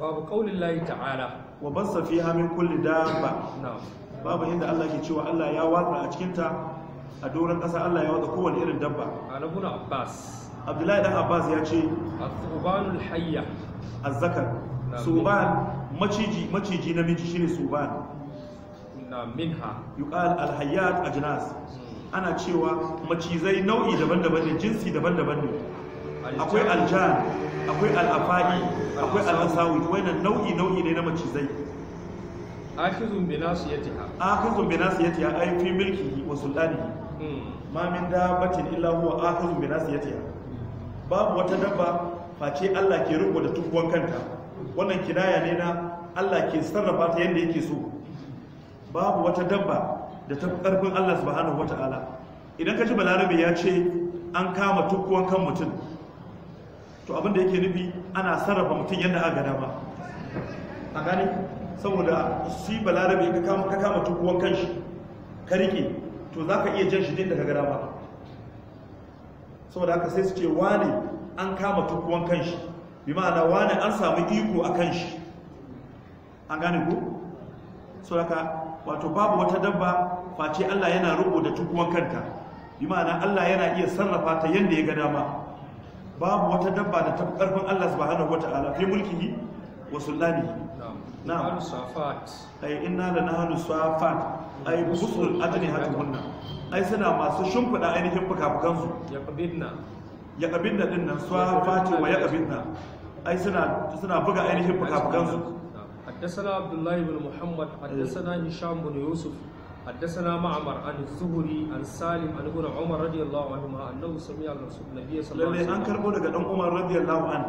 Speaker 1: babu kaulin ta'ala wa basa fi hamin kulli dabba babu yadda Allah ke cewa Allah ya watsa a cikinta a doron kasa Allah ya watsa kowanne irin dabba alabun abbas abdullahi dan abbas ya ce as zakar suban maciji maciji namiji shine suban na minha yuqal al hayat ajnas hmm. ana cewa macizai nau'i daban-daban ne jinsi daban-daban ne akwai aljan akwai al'afai akwai al'asawi wannan nau'i nau'i ne na macizai
Speaker 2: akhizun bi nasiyatiha akhizun
Speaker 1: bi nasiyatiha ay fi milkihi wa sultanihi hmm. ma min dabbatin illa huwa akhizun bi babu wata dabba face Allah ke rubuta tukwan kanta wannan kinaya ne na Allah ke sarrafa ta yadda yake so babu wata dabba da ta karfin Allah subhanahu wata'ala idan ka ji balarabe ya ce an kama tukkuwan kan mutum to abin da yake nufi ana sarrafa mutum yadda aka dama a gane saboda shi balarabe ka kama tukkuwan kan shi ka rike to za ka iya jan shi din daga gara ba saboda haka sai su ce wane an kama tukkuwan kan shi bi ma'ana wani an samu iko a kan shi an gane ku? sauraka wato babu wata dabba face allah yana rubo da tukuwan kanta bi ma'ana allah yana iya sarrafa ta yadda ya ga dama babu wata dabba da tafi karfin allah subhanahu wa ta'ala fi mulkihi wa sulani na'am safat na hannu la nahnu safat ay busul adni ai suna masu shimfida ainihin fuka-fukansu ya kabinna ya kabinna dinnan safati wa ya kabinna ai suna suna buga ainihin fukafukansu
Speaker 2: حدثنا عبد الله بن محمد حدثنا هشام بن يوسف حدثنا معمر عن الزهري عن سالم عن ابن عمر رضي الله عنهما انه سمع الرسول النبي صلى الله عليه وسلم لله ان daga
Speaker 1: dan Umar radiyallahu an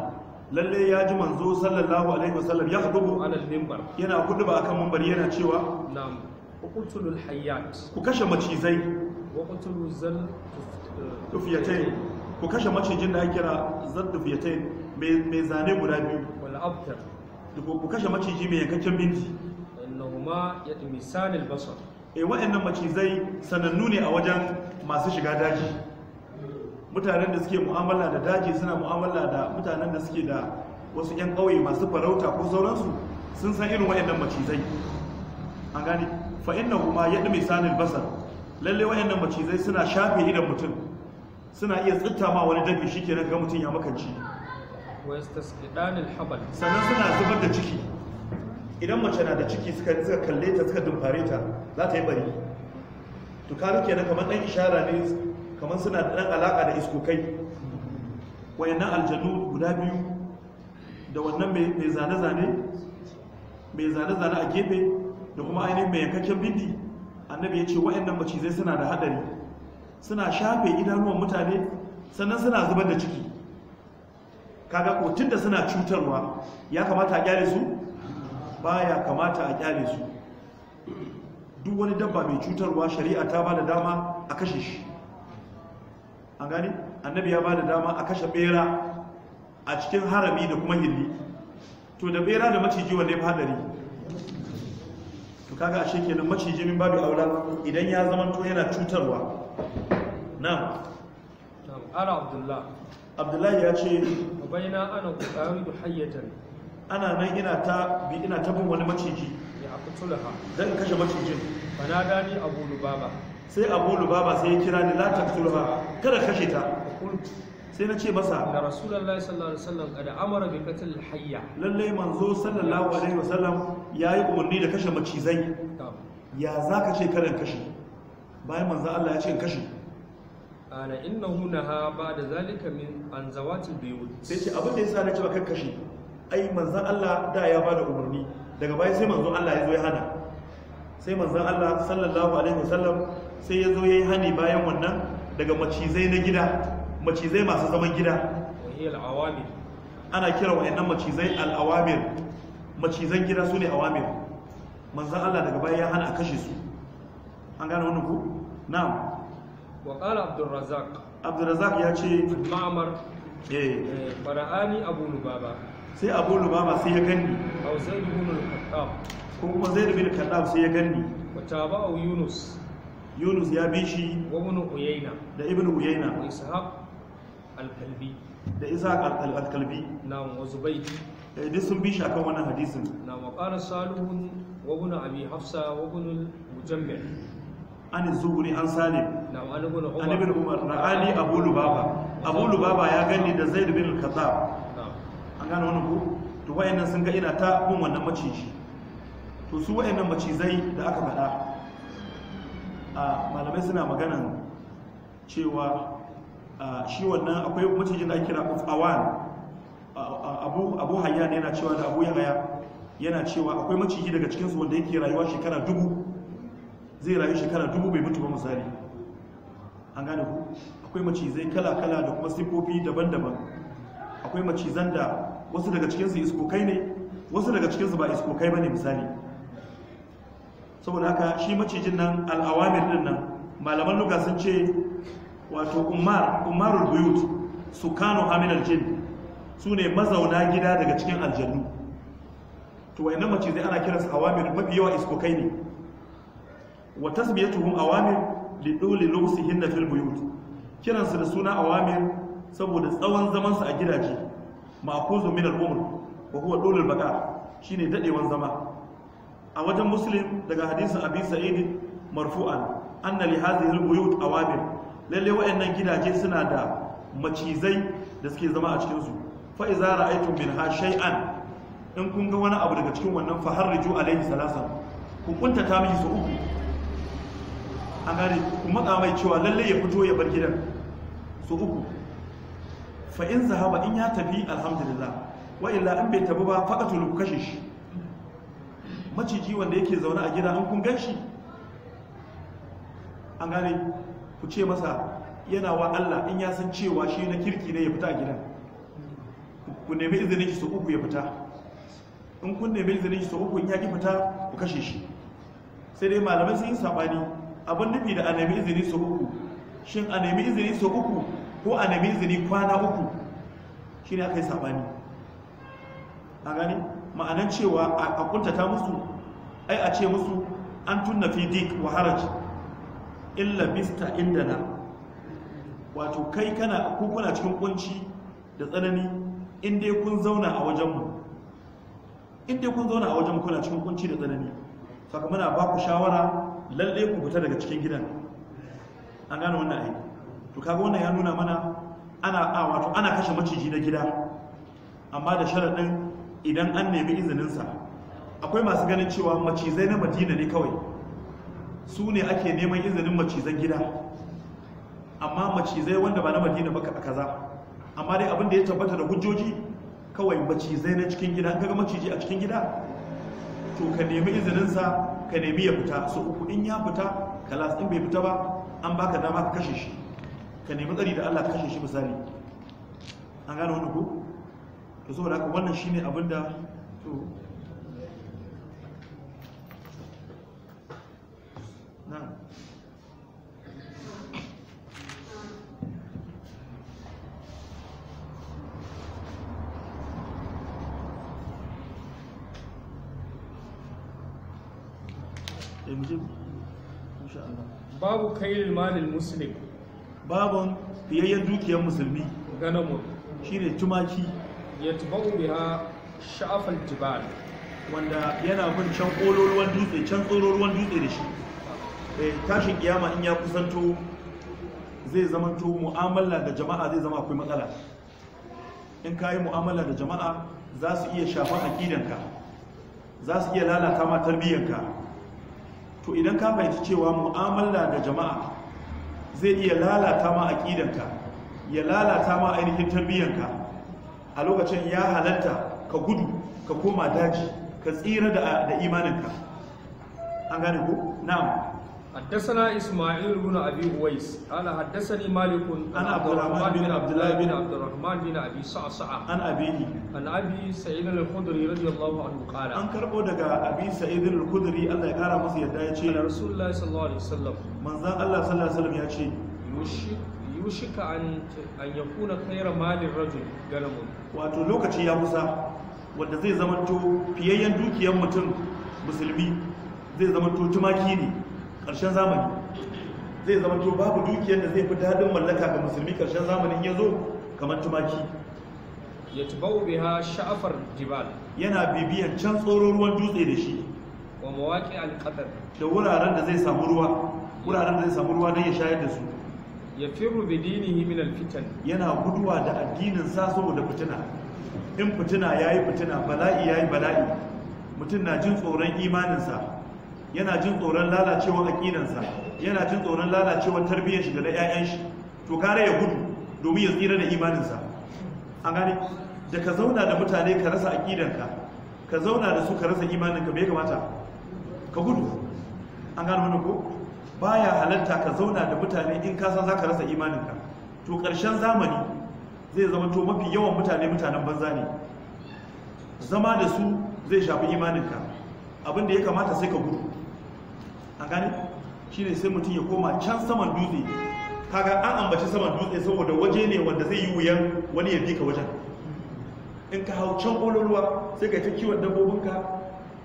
Speaker 1: lalle ya ji manzo sallallahu alaihi wasallam ya hudubu ala minbar yana huduba akan minbar yana cewa
Speaker 2: na'am uqtulul hayyat ku kashe macizai
Speaker 1: wa qutulu zal tufiyatain ku kashe macijin da ake kira mai zane guda biyu wal'abtar da ku kashe maciji mai yankakken binti innahuma yatmisan albasar eh wa'annan macizai sanannu ne a wajen masu shiga daji mutanen da suke mu'amala da daji suna mu'amala da mutanen da suke da wasu 'yan ƙauye masu farauta ko sauransu sun san irin wa'annan macizai an gani fa innahuma misalil basar. lalle wa'annan macizai suna shafe idan mutum suna iya tsittama ma wani dafi shikenan ga mutum ya makanci
Speaker 2: habal
Speaker 1: sannan suna zubar da ciki idan mace na da ciki suka kalle ta suka dumfare ta za ta yi bari to kaga kenan kamar dan ishara ne kamar suna da dan alaka da iskokai wayannan aljanu guda biyu da wannan mai zane-zane mai zane-zane a gefe da kuma ainihin mai yankakken bindi annabi ya ce wayannan macizai suna da hadari suna shafe idanuwan mutane sannan suna zubar da ciki kaga kotun da suna cutarwa ya kamata a kyale su baya kamata a kyale su duk wani dabba mai cutarwa shari'a ta ba da dama a kashe shi an gani annabi ya ba da dama a kashe bera a cikin harami da kuma hilli to da bera da maciji wanda ya hadari to kaga ashe kenan maciji min babu aula idan ya zama to yana cutarwa na'am
Speaker 2: abdullahi ya ce baina ana qaribu hayyatan
Speaker 1: ana nan ina ta bi ina ta bin wani maciji ya aqtulaha dan kashe macijin fanada ni abu lubaba sai abu lubaba sai ya kira ni la taqtulha kada kashe ta sai na ce masa da
Speaker 2: rasulullahi sallallahu alaihi wasallam kada amara bi qatl hayya lalle manzo sallallahu alaihi
Speaker 1: wasallam yayi umarni da kashe macizai ya zaka ce kada kashe bayan manzo Allah ya ce kashe
Speaker 2: ana ha ba da zalika min an zawatin buyut sai ce abin da yasa na
Speaker 1: cewa ba ai manzon Allah da ya bada umarni daga baya sai manzon Allah ya zo ya hana sai manzon Allah sallallahu alaihi wasallam sai ya zo yi hani bayan wannan daga macizai na gida macizai masu zaman gida awamir ana kira wa'annan macizai al awamir macizan gida su ne awamir manzon Allah daga baya ya hana a kashe su an gane wannan ku na'am
Speaker 2: وقال عبد الرزاق
Speaker 1: عبد الرزاق يا شي معمر ايه فرآني أبو لبابة سي أبو لبابة سي يغني أو زيد بن الخطاب كم زيد بن الخطاب سي يغني وتابعه يونس يونس يا بيشي وابن عيينة ده ابن عيينة
Speaker 2: وإسحاق الكلبي ده إسحاق الكلبي نعم وزبيد duk sun bi shi akan wannan hadisin na maqala salihun wa ibn abi hafsa wa ibn
Speaker 1: al-mujammil an zuhuri an salim an ibn umar ra'ani abu lubaba abu lubaba ya gani da zai bin al-khattab an gane wani ku? to wayannan sun ga ina ta bin wannan maciji to su wayannan macizai da aka faɗa a malamai suna magana cewa shi wannan akwai macijin da ake kira qawan abu abu ne yana cewa da abu haya? yana cewa akwai maciji daga cikinsu wanda yake rayuwa shekara dubu zai rayu shekara dubu bai mutu ba misali an gane ku akwai macizai kala-kala da kuma siffofi daban-daban akwai macizan da wasu daga cikinsu iskokai ne wasu daga cikinsu ba iskokai ba ne misali saboda haka shi macijin nan al'awamir din nan malaman nuka sun ce wato umar umarul buyut su kano hamil aljin su ne mazauna gida daga cikin aljannu to wayannan macizai ana kiransu awamir mafi yawa iskokai ne wa tasbiyatuhum awamir li duli lubsihinna fil buyut kiran su da suna awamir saboda tsawon zaman su a gidaje ma'kuzun min al-umr wa huwa baqa shine dadewan zama a wajen muslim daga hadisin abi sa'id marfu'an anna li hadhihi al-buyut awamir lalle wayannan gidaje suna da macizai da suke zama a cikin su fa iza ra'aytum minha shay'an in kun ga wani abu daga cikin wannan fa harriju salasa salasan ku kuntata miji su uku an gane kuma mai cewa lalle ya fito ya bar gidan su uku fa in zahaba in ya tafi alhamdulillah wa illa in bai tafi ba faqatul kashe shi maciji wanda yake zaune a gidan an kun ganshi an gane ku ce masa yana wa Allah in ya san cewa shi na kirki ne ya fita a gidan ku nemi izinin shi su uku ya fita in kun nemi izinin shi su uku in ya ki fita ku kashe shi sai dai malamai sun yi sabani abin nufi da a nemi izini su uku shin a nemi izini su uku ko a nemi izini kwana uku shi ne aka yi sabani a gani ma'anan cewa a kuntata musu ai a ce musu an tunna fi dik wa haraj illa mista indana wato kai kana kukuna cikin kunci da tsanani inda kun zauna a wajenmu inda kun zauna a wajen kuna cikin kunci da tsanani sakamana ba ku shawara lalle ku fita daga cikin gidan an gane wannan aiki to kaga wannan ya nuna mana ana a wato ana kashe maciji na gida amma da sharaɗin idan an nemi izininsa akwai masu ganin cewa macizai na madina ne kawai su ne ake neman izinin macizan gida amma macizai wanda ba na madina ba a kaza amma dai abin da ya tabbata da hujjoji kawai macizai na cikin gida kaga maciji a cikin gida to ka nemi izininsa ka nemi ya fita so uku in ya fita kalas in bai fita ba an baka dama ka kashe shi ka nemi tsari da Allah ka kashe shi misali an gane wannan ko to saboda haka wannan shine abin da to na
Speaker 2: Babu kai insha Allah babu kailil malil
Speaker 1: dukiyar musulmi Shi ne tumaki yatba'u ha sha'afal jibal wanda yana bin can kololuwan dutse can tsororuwan dutse da shi eh, tashin kiyama in ya kusanto zai zama to mu'amala da jama'a zai zama akwai matsala in ka yi mu'amala da jama'a za su iya shafan aƙidanka za su iya lalata matar biyanka. to idan ka fahimci cewa mu'amala da jama'a zai iya lalata ma aqidanka ya lalata ma ainihin tarbiyanka a lokacin ya halatta ka gudu ka koma daji ka tsira da imaninka an gane ku
Speaker 2: na'am حدثنا اسماعيل بن ابي اويس قال حدثني مالك عن عبد الرحمن بن عبد الله بن عبد الرحمن بن ابي صعصع عن ابيه عن ابي سعيد
Speaker 1: الخدري رضي الله عنه قال ان كربو daga ابي سعيد الخدري الله ya kara masa yadda رسول الله صلى الله عليه وسلم manzon Allah sallallahu alaihi wasallam yace
Speaker 2: yushika an an yakuna khayra malir rajul galamun
Speaker 1: wato lokaci ya kusa wanda zai zamanto fiyayyen dukiyar mutum musulmi zai zamanto tumaki ne ƙarshen zamani zai zama to babu dukiyar da zai fi daɗin mallaka ga musulmi ƙarshen zamanin ya zo kamar tumaki
Speaker 2: ya tubau ha sha'afar
Speaker 1: jibal yana bibiyan can tsoron ruwan dutse da shi
Speaker 2: wa mawaƙi alƙadar da wuraren da zai samu ruwa wuraren da zai samu
Speaker 1: ruwa don ya shayar da su ya firu bi dini min alfitan yana guduwa da addinin sa saboda fitina in fitina yi fitina bala'i ya yi bala'i mutum na jin tsoron imaninsa yana jin tsoron lalacewa aqidansa yana jin tsoron lalacewa tarbiyyar shi da na 'ya'yan shi to kare ya gudu domin ya tsira da imaninsa an gane da ka zauna da mutane ka rasa aqidanka ka zauna da su ka rasa imaninka bai kamata ka gudu an gane wani ko baya halatta ka zauna da mutane in ka san ka rasa imaninka to ƙarshen zamani zai zama to mafi yawan mutane mutanen banza ne zama da su zai shafi imaninka abin da ya kamata sai ka gudu a gane shine sai mutum ya koma can saman dutse kaga an ambaci saman dutse saboda waje ne wanda zai yi wuyan wani ya bi ka wajen in ka hau can ƙololuwa sai ka ta kiwon dabbobinka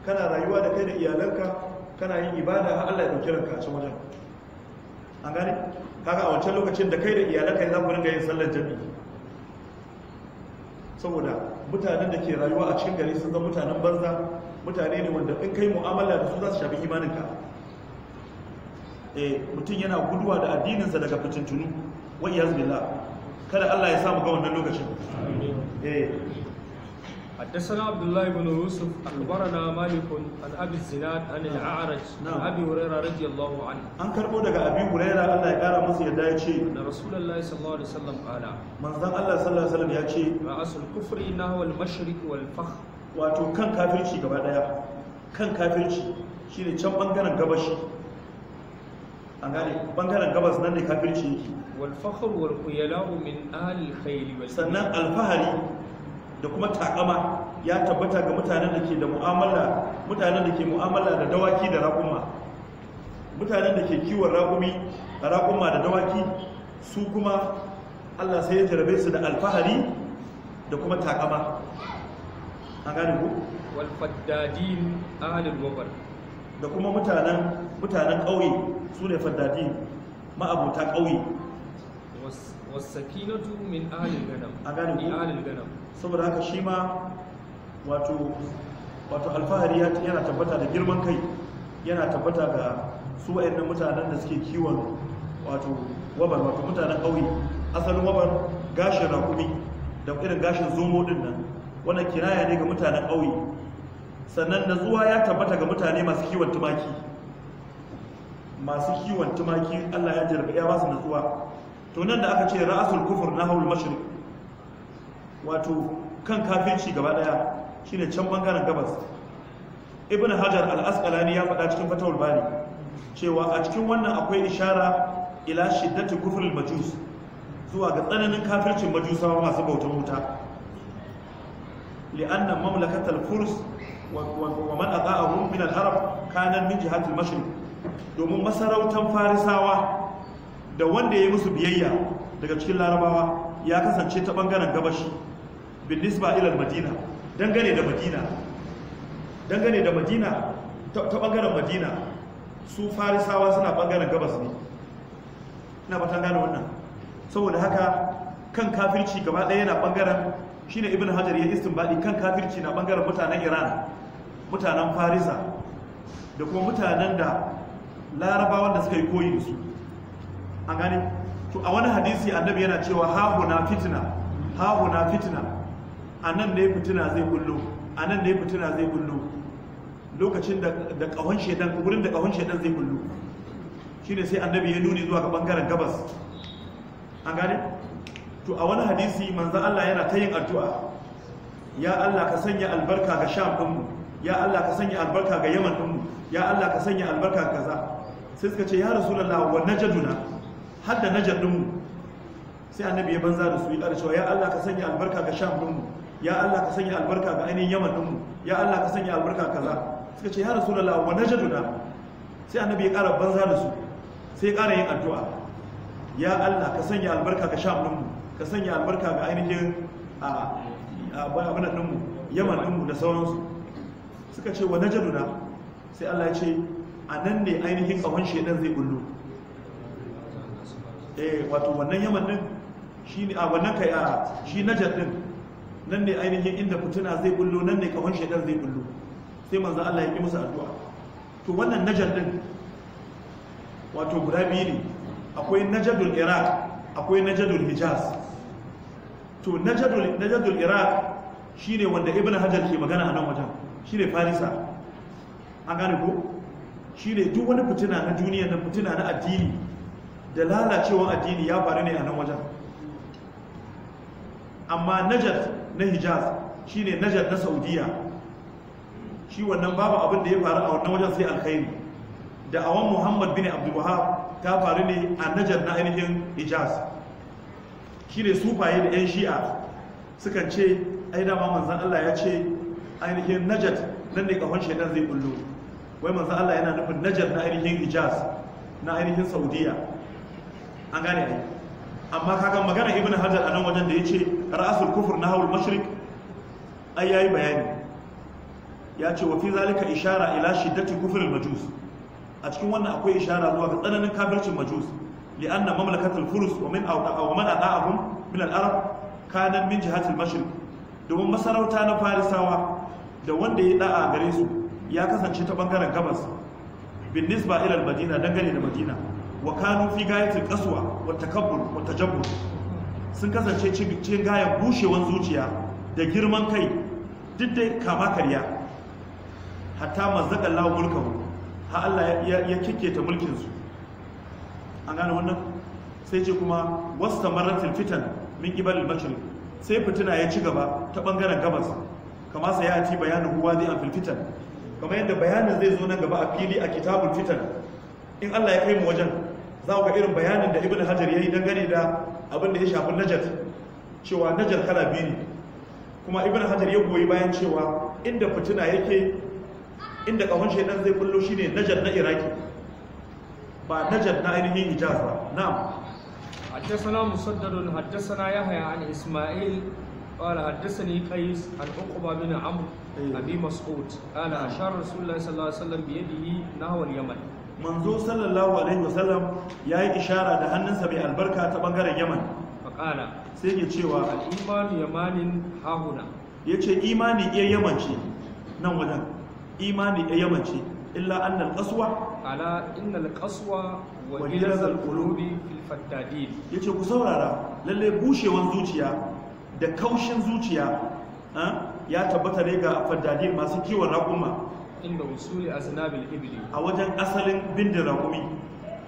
Speaker 1: kana rayuwa da kai da iyalanka kana yin ibada har Allah ya ɗauki ranka a can wajen an gane kaga a wancan lokacin da kai da iyalanka za ku ringa yin sallar jami'i saboda mutanen da ke rayuwa a cikin gari sun zama mutanen banza mutane ne wanda in kai mu'amala da su za su shafi imaninka Eh, mutum yana guduwa da addininsa daga fitintunu wa iyaz billah kada Allah ya samu ga wannan lokacin eh حدثنا
Speaker 2: عبد الله بن يوسف اخبرنا مالك عن ابي الزناد عن الاعرج عن ابي هريره رضي الله عنه an karbo daga abi huraira Allah ya
Speaker 1: kara masa yadda ya ce Rasulallah rasulullahi sallallahu
Speaker 2: alaihi wasallam qala manzon Allah sallallahu alaihi wasallam ya ce
Speaker 1: ra'asul kufri nahwa al-mashriq wal fakh wato kan kafirci gaba daya kan kafirci shine can bangaren gabashi an gane bangaren gabas nan ne kafirci yake wal fakhr wal khuyala'u min ahli khayl wal sannan alfahari da kuma takama ya tabbata ga mutanen da ke da mu'amala mutanen da ke mu'amala da dawaki da raƙuma mutanen da ke kiwon raƙumi da raƙuma da dawaki su kuma Allah sai ya jarabe su da alfahari da kuma takama an gane ku
Speaker 2: wal faddadin ahlul wabar
Speaker 1: da kuma mutanen mutanen ƙauye su ne faddadi ma'abuta ƙauye
Speaker 2: wasakinatu min ahalil ganam
Speaker 1: saboda haka shi ma wato alfahari yana tabbata da girman kai yana tabbata ga su wayannan mutanen da suke kiwon wato wabar wato mutanen ƙauye asalin wabar gashin rakumi da irin gashin zomo din nan wanda kiraya ne ga mutanen ƙauye sannan da zuwa ya tabbata ga mutane masu kiwon tumaki masu kiwon tumaki Allah ya jarbi ya basu nutsuwa to nan da aka ce ra'asul kufur na haul mashriq wato kan kafirci gaba daya shine can bangaren gabas ibn hajar al-asqalani ya faɗa cikin fatawul bari cewa a cikin wannan akwai ishara ila shiddati kufrul majus zuwa ga tsananin kafircin majusawa masu bautar wuta li'anna mamlakatal furs wa man ata'ahum min al-arab kana min jihati mashriq domin masarautar farisawa da wanda ya yi musu biyayya daga cikin larabawa ya kasance ta bangaren gabashi bin nisba ilal madina dangane da madina dangane da madina ta bangaren madina su farisawa suna bangaren gabas ne ina batan gane wannan saboda haka kan kafirci gaba ɗaya yana bangaren ne ibn hajar ya baɗi kan kafirci na bangaren mutanen iran mutanen farisa da kuma mutanen da larabawan da suka yi koyi da su an gani to a wani hadisi annabi yana cewa hahuna na hahuna fitna anan ne fitina zai bullo anan ne fitina zai bullo lokacin da kawon shedan wurin da kawon shedan zai bullo shine sai annabi ya nuni zuwa ga bangaren gabas an gani to a wani hadisi manzo Allah yana ta yin addu'a ya Allah ka sanya albarka ga sham ɗinmu ya Allah ka sanya albarka ga yaman ɗinmu ya Allah ka sanya albarka kaza sai suka ce ya rasulullah wa najaduna har da najadinmu sai annabi ya banza da su yi ƙara ya Allah ka sanya albarka ga sham dinmu ya Allah ka sanya albarka ga ainihin yaman dinmu ya Allah ka sanya albarka kaza suka ce ya rasulullah wa najaduna sai annabi ya ƙara banza da su sai ya ƙara yin addu'a ya Allah ka sanya albarka ga sham dinmu ka sanya albarka ga ainihin a abin dinmu yaman dinmu da sauransu suka ce wa najaduna sai Allah ya ce a nan ne ainihin ƙahon shaidan zai bullo? eh wato wannan yaman din shi ne a wannan kai a shi najar din nan ne ainihin inda fituna zai bullo, nan ne ƙahon shaidan zai bullo, sai manzo Allah ya ƙi musu addu'a to wannan najar din wato guda biyu ne akwai najadul iraq akwai najadul hijaz to najadul najadul iraq shine wanda ibnu hajar ke magana a nan wajen shine farisa an gane ko Shi ne duk wani fitina na duniya na fitina na addini da lalacewa addini ya faru ne a nan wajen amma najar na hijaz shi ne najar na saudiya shi wannan babu abin da ya faru a wannan wajen sai alkhairi da awan muhammad bin abdulwahab ta faru ne a najar na ainihin hijaz Shi shine sufaye da yan shi'a sukan ce ai dama manzon Allah ya ce ainihin najar nan ne kahon shaidan zai bullo wai manzo Allah yana nufin Najar na ainihin Hijaz na ainihin Saudiya an gane ai amma kaga magana Ibn Hajar a nan wajen da yace ra'asul kufr nahwul Mashrik. ai yayi bayani ya ce wa fi zalika ishara ila shiddati kufril majus a cikin wannan akwai ishara zuwa ga tsananin kafircin majus لأن مملكة الفرس wa أو من أداءهم من العرب كانت min جهة Mashrik domin masarauta na farisawa da wanda ya da'a gare su ya kasance ta bangaren gabas bin nisba ila madina dangane da madina wa kanu fi gayatil qaswa wa takabbur wa tajabbur sun kasance cikin gayan bushewan zuciya da girman kai duk dai kama kariya hatta mazzaka Allah mulkahu ha Allah ya kike ta mulkin su an gane wannan sai ce kuma wastamaratil fitan min qibal al-mashriq sai fitina ya ci gaba ta bangaren gabas kama sai ya ci bayanin huwa zai a fitan kamar yadda bayanin zai zo nan gaba a fili a kitabul fitan in Allah ya kai mu wajen za ku ga irin bayanin da ibn hajar yayi dangane da abin da ya shafi najat cewa najat kala biyu ne kuma ibn hajar ya goyi bayan cewa inda fitina yake inda kahon dan zai kullo shine najat na iraki ba najat na ainihin hijaz ba na'am
Speaker 2: حدثنا مسدد حدثنا يحيى عن isma'il. قال حدثني قيس عن عقبه بن عمرو ابي مسعود قال اشار رسول الله صلى الله عليه وسلم بيده نحو اليمن
Speaker 1: manzo sallallahu alaihi wasallam ya yi ishara da hannunsa mai albarka ta bangaren yaman faƙala sai ya cewa al'imanu yamanin hahuna ya ce imani iya yamanci nan wajen imani iya yamanci illa annal kasuwa ala innal kasuwa wa girzal qulubi fil faddadin yace ku saurara lalle bushewan zuciya da kaushin zuciya ya tabbata ne ga faddadin masu kiwon raƙuma inda usuli asnabil ibli a wajen asalin bindin raƙumi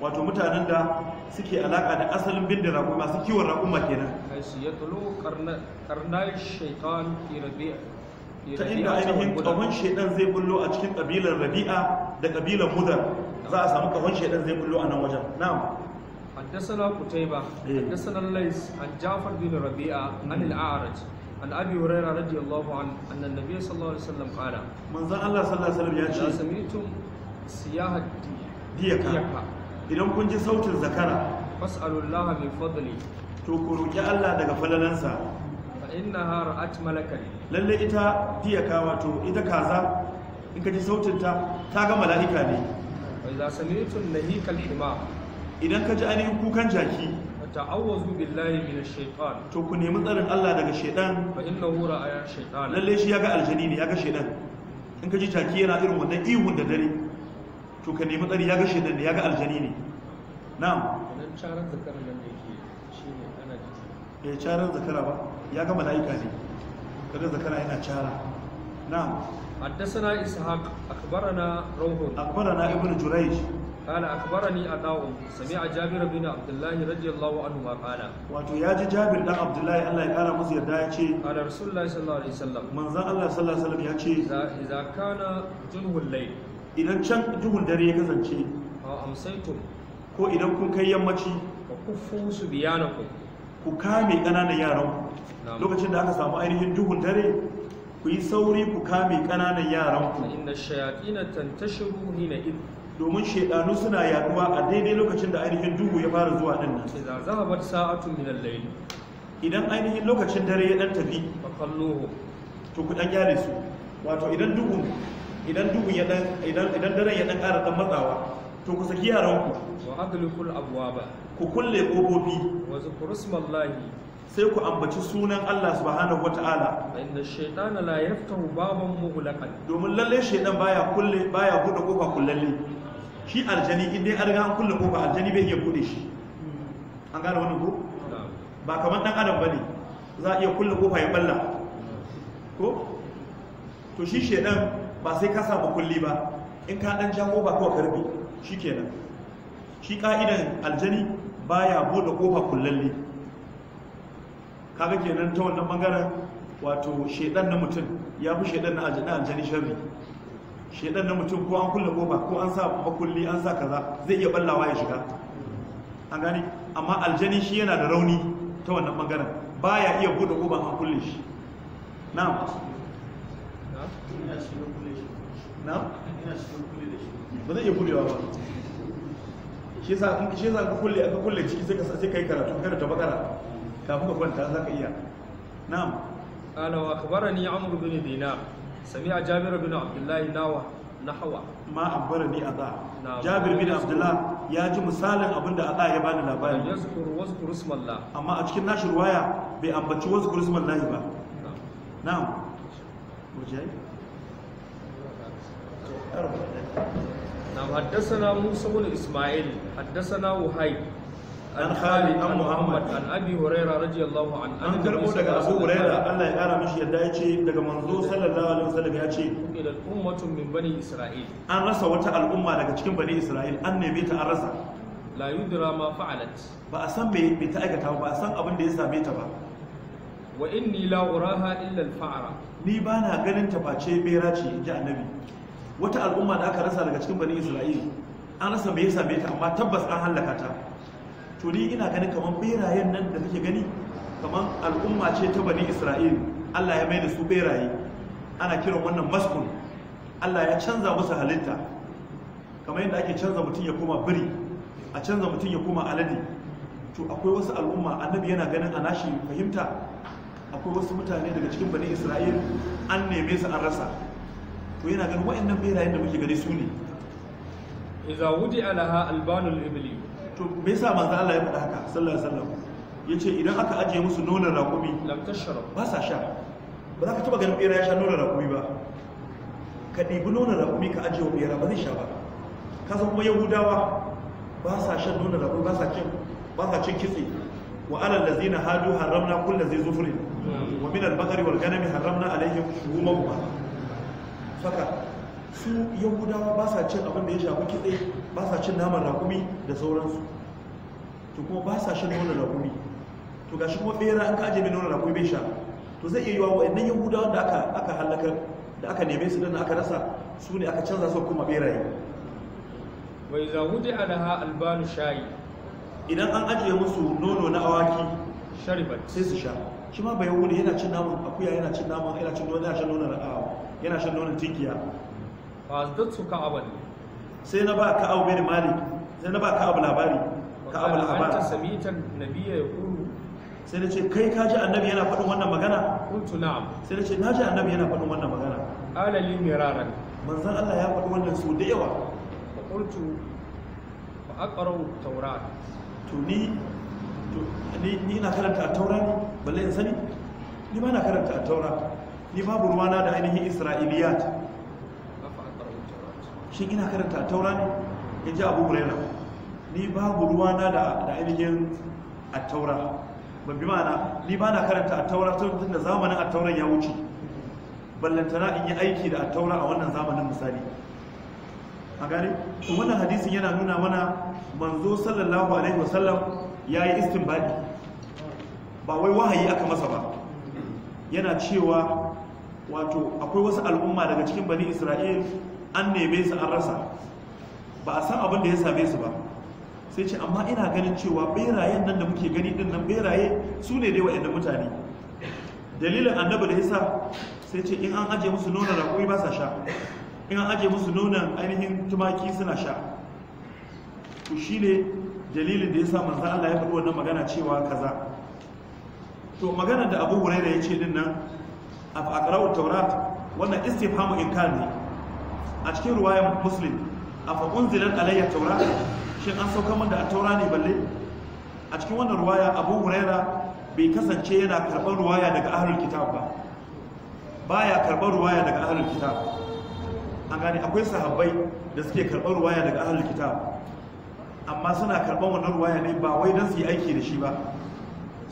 Speaker 1: wato mutanen da suke alaka da asalin bindin raƙumi masu kiwon raƙuma kenan
Speaker 2: ya tulo karnar shaitan fi rabi'a ta inda ainihin ƙahon
Speaker 1: shaitan zai bullo a cikin ƙabilar rabi'a da ƙabilar mudar za a samu ƙahon shaitan zai bullo a nan wajen na'am
Speaker 2: حدثنا قتيبة حدثنا الليث عن جعفر بن ربيعة عن الأعرج عن أبي هريرة رضي الله عنه أن النبي صلى الله عليه وسلم قال
Speaker 1: من ذا الله صلى الله عليه وسلم يا شيخ سمعتم
Speaker 2: سياحة ديكا إذا كنت صوت الزكرة
Speaker 1: فاسألوا الله من فضله to ku roƙi Allah daga falalansa
Speaker 2: fa innaha ra'at malakan
Speaker 1: lalle ita diyaka wato ita kaza in ka ji sautin ta ta ga mala'ika ne
Speaker 2: wa idza sami'tu nahikal hima idan ka ji ainihin kukan jaki ta'awwazu billahi minash shaitan to ku nemi tsarin Allah daga shaitan fa innahu ra'a shaitan lalle shi yaga aljini ne
Speaker 1: yaga shaitan in ka ji jaki yana irin wannan ihun da dare to ka nemi tsari yaga shaitan ne yaga aljini ne na'am
Speaker 2: nan charar zakara nan da yake shine ana
Speaker 1: ji eh charar zakara ba yaga malaika ne kada zakara yana chara na'am
Speaker 2: حدثنا إسحاق أخبرنا روح أخبرنا ابن جريج قال أخبرني عطاء سمع جابر بن عبد الله رضي الله عنهما قال واتو ياجي جابر بن عبد
Speaker 1: الله الله يقرا مس يدا يجي قال رسول الله صلى الله عليه وسلم من ذا الله صلى الله عليه وسلم يجي إذا إذا كان جنه الليل idan can duhun dare ya kasance a amsaitum ko idan kun kai yammaci wa kuffu ku kame ƙananan yaran ku lokacin da aka samu ainihin duhun dare ku yi sauri ku kame ƙananan yaran ku
Speaker 2: inna shayatin tantashiru hina idh
Speaker 1: domin shaidanu suna yaduwa a daidai lokacin da ainihin duhu ya fara zuwa din nan a zahabat sa'atu min al-layl idan ainihin lokacin dare ya dan tafi fa kalluhu to ku dan gyare su wato idan duhun idan duhu ya dan idan idan dare ya dan ƙara dan matsawa to ku saki yaran ku wa aglikul abwaba ku kulle kofofi wa zkurusmallahi sai ku ambaci sunan Allah subhanahu wata'ala inda shaytana la yaftahu baban mughlaqan domin lalle shaytan baya kulle baya buɗe kofa kullalle shi aljani in dai an riga an kulle kofa aljani bai iya bude shi an gane wani ko ba kamar dan adam bane za a iya kulle kofa ya balla ko to shi shedan ba sai ka samu kulli ba in ka dan ja kofa kawai karbi shikenan shi ka'idan aljani baya bude kofa kullalle kaga kenan ta wannan bangaren wato shedan na mutum ya fi shedan na aljani sharri shedan na mutum ko an kulle goma ko an sa makulli an sa kaza zai iya ballawa ya shiga an gani amma aljani shi yana da rauni ta wannan bangaren baya iya bude goma an kulle shi na'am na'am
Speaker 3: ba zai iya budewa ba
Speaker 1: shi yasa shi yasa ka kulle ka kulle ciki sai ka sai kai karatu kada ta bakara kafin ka kwanta za ka iya na'am
Speaker 2: qala wa akhbarani amr bin dinar
Speaker 1: سمع جابر بن عبد الله ناوى نحوى ما أخبرني أضاء
Speaker 3: جابر بن عبد الله
Speaker 1: ya ji misalin abin da ya bani labari yazkuru wazkuru amma a cikin nashi ruwaya bai ambaci wazkuru ismallah ba na'am mujahid نعم حدثنا موسى بن
Speaker 2: اسماعيل حدثنا وهيب an khali an muhammad an abi huraira radiyallahu an an karbo daga abu huraira Allah
Speaker 1: ya kara mishi yadda ce daga manzo sallallahu alaihi wasallam yace ila ummatu min bani isra'il an rasa wata al'umma daga cikin bani isra'il an neme ta an rasa
Speaker 2: la yudra ma fa'alat
Speaker 1: ba a san me me ta aikata ba a san abin da ya same ta ba wa inni la uraha illa al-fa'ra ni ba na ganin ta face bera ce ji annabi wata al'umma da aka rasa daga cikin bani isra'il an rasa me ya same ta amma tabbas an halaka ta to ni ina ganin kamar berayen nan da kake gani kamar al'umma ce ta bani isra'il allah ya bai da su beraye ana kiran wannan maskun allah ya canza musu halitta kamar yadda ake canza mutum ya koma biri a canza mutum ya koma alade to akwai wasu al'umma annabi yana ganin a nashi fahimta akwai wasu mutane daga cikin bani isra'il an neme su an rasa to yana ganin wa'annan berayen da muke gani su ne iza wudi alaha albanul ibli to me yasa manzo Allah ya faɗa haka sallallahu alaihi wasallam yace idan aka ajiye musu nonon raƙumi lam tashrab ba sa sha ba za ka taba ganin bera ya sha nonon raƙumi ba ka ɗibi nonon raƙumi ka ajiye wa bera ba zai sha ba ka san kuma yahudawa ba sa shan nonon raƙumi ba sa cin ba sa cin kitse wa alal ladzina hadu haramna kullu zai zufrin wa min al-baqari wal ghanami haramna alaihim shuhumahuma Faka. su yahudawa ba sa cin abin da ya shafi kitse ba sa cin naman rakumi da sauransu to kuma ba sa shi nuna rakumi to ga shi kuma bera an ka ajiye nuna rakumi bai sha to zai iya yiwa wa'annan yahudawan da aka aka da aka neme su dana aka rasa su ne aka canza su kuma beraye
Speaker 2: za iza wudi ha albanu shayi
Speaker 1: idan an ajiye musu nono na awaki sharibat sai su sha shi ma bai wuri yana cin naman akuya yana cin naman yana cin nono yana shan nonon ra'a ah, yana shan tinkiya
Speaker 2: فازددت كعبا
Speaker 1: سينا با كعب بن مالك سينا با كعب لاباري كعب ta أنت سميت ya يقول sai da ce kai ka ji annabi yana faɗin wannan magana? kuntu na'am sai da ce na ji annabi yana faɗin wannan magana alali miraran manzan Allah ya faɗi wannan su da yawa da kuntu ba a ƙarau taura to ni ni na karanta a taura ne balle in sani ni ma na karanta a taura ni babu ruwana da ainihin isra'iliyat shi ina karanta taura ne ya ji abu huraira ni babu ruwana da ainihin a taura ban bi ma'ana ni ba na karanta a taura tun da zamanin a tauran ya wuce ballantana in yi aiki da a taura a wannan zamanin misali a gani wannan hadisin yana nuna mana manzo sallallahu alaihi wasallam ya yi istin baɗi ba wai wahayi aka masa ba yana cewa wato akwai wasu al'umma daga cikin bani isra'il an neme su an rasa ba a san abin da ya same su ba sai ce amma ina ganin cewa berayen nan da muke gani din nan beraye su ne dai inda mutane dalilin annabi da yasa sai ce in an aje musu nonon raƙuri ba sa sha in an aje musu nonon ainihin tumaki suna sha to ne dalilin da yasa manzo Allah ya faɗi wannan magana cewa kaza to magana da Abu huraira ya ce din nan a aqra'u taurat wannan istifhamu inkar ne a cikin ruwayan muslim a faƙon zilan alayya taura shi an sauka min da taura ne balle a cikin wannan ruwaya abu huraira bai kasance yana karɓar ruwaya daga ahlul kitab ba ya karɓar ruwaya daga ahlul kitab an gane akwai sahabbai da suke karɓar ruwaya daga ahlul kitab amma suna karɓar wannan ruwaya ne ba wai don su yi aiki da shi ba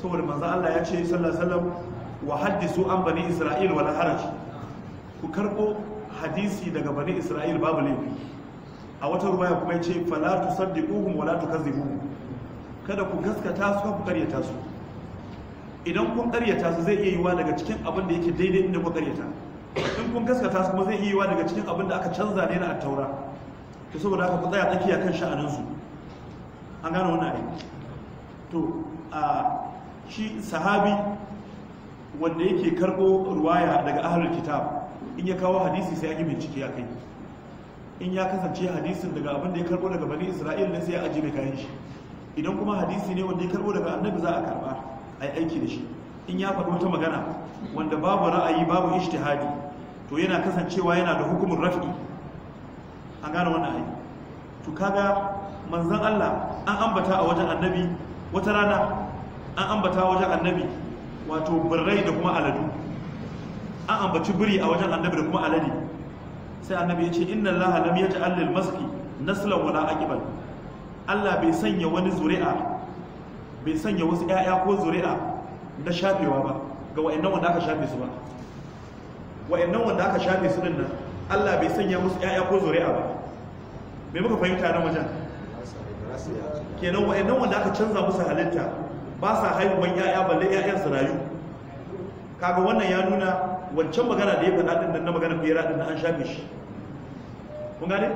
Speaker 1: saboda manza, Allah ya ce sallallahu alaihi wa haddisu an bani isra'il wala haraj ku karɓo hadisi daga bani isra'il babu laifi a wata ruwaya kuma yace fala tusaddiquhum wala tukazzibuhum kada ku gaskata su ku karyata su idan kun karyata su zai iya yiwa daga cikin abin da yake daidai inda ku karyata in kun gaskata su kuma zai iya yiwa daga cikin abin da aka canza ne na taura. to saboda haka ku tsaya tsakiya kan sha'anin su an gano wannan ne to a shi sahabi wanda yake karbo ruwaya daga ahlul kitab in ya kawo hadisi sai ya yi bincike a kai in ya kasance hadisin daga abin da ya karbo daga bani isra'il ne sai ya ajiye kayan shi idan kuma hadisi ne wanda ya karbo daga annabi za a karba a yi aiki da shi in ya faɗi wata magana wanda babu ra'ayi babu ishtihadi to yana kasancewa yana da hukumin rafi an gane wannan ayi to kaga manzon Allah an ambata a wajen annabi wata rana an ambata wajen annabi wato birrai da kuma aladu an ambaci biri a wajen annabi da kuma alade sai annabi ya ce inna allaha lam yaj'al lil maski naslan wala aqibal Allah bai sanya wani zuri'a bai sanya wasu ƴaƴa ko zuri'a na shafewa ba ga wayannan wanda aka shafe su ba wayannan wanda aka shafe su din nan Allah bai sanya musu ƴaƴa ko zuri'a ba me muka fahimta nan wajen kenan wayannan wanda aka canza musu halitta ba sa haihuwan ƴaƴa balle ƴaƴan su rayu kaga wannan ya nuna wancan magana da ya faɗa ɗin nan na magana fera ɗin na an shafe shi kun gane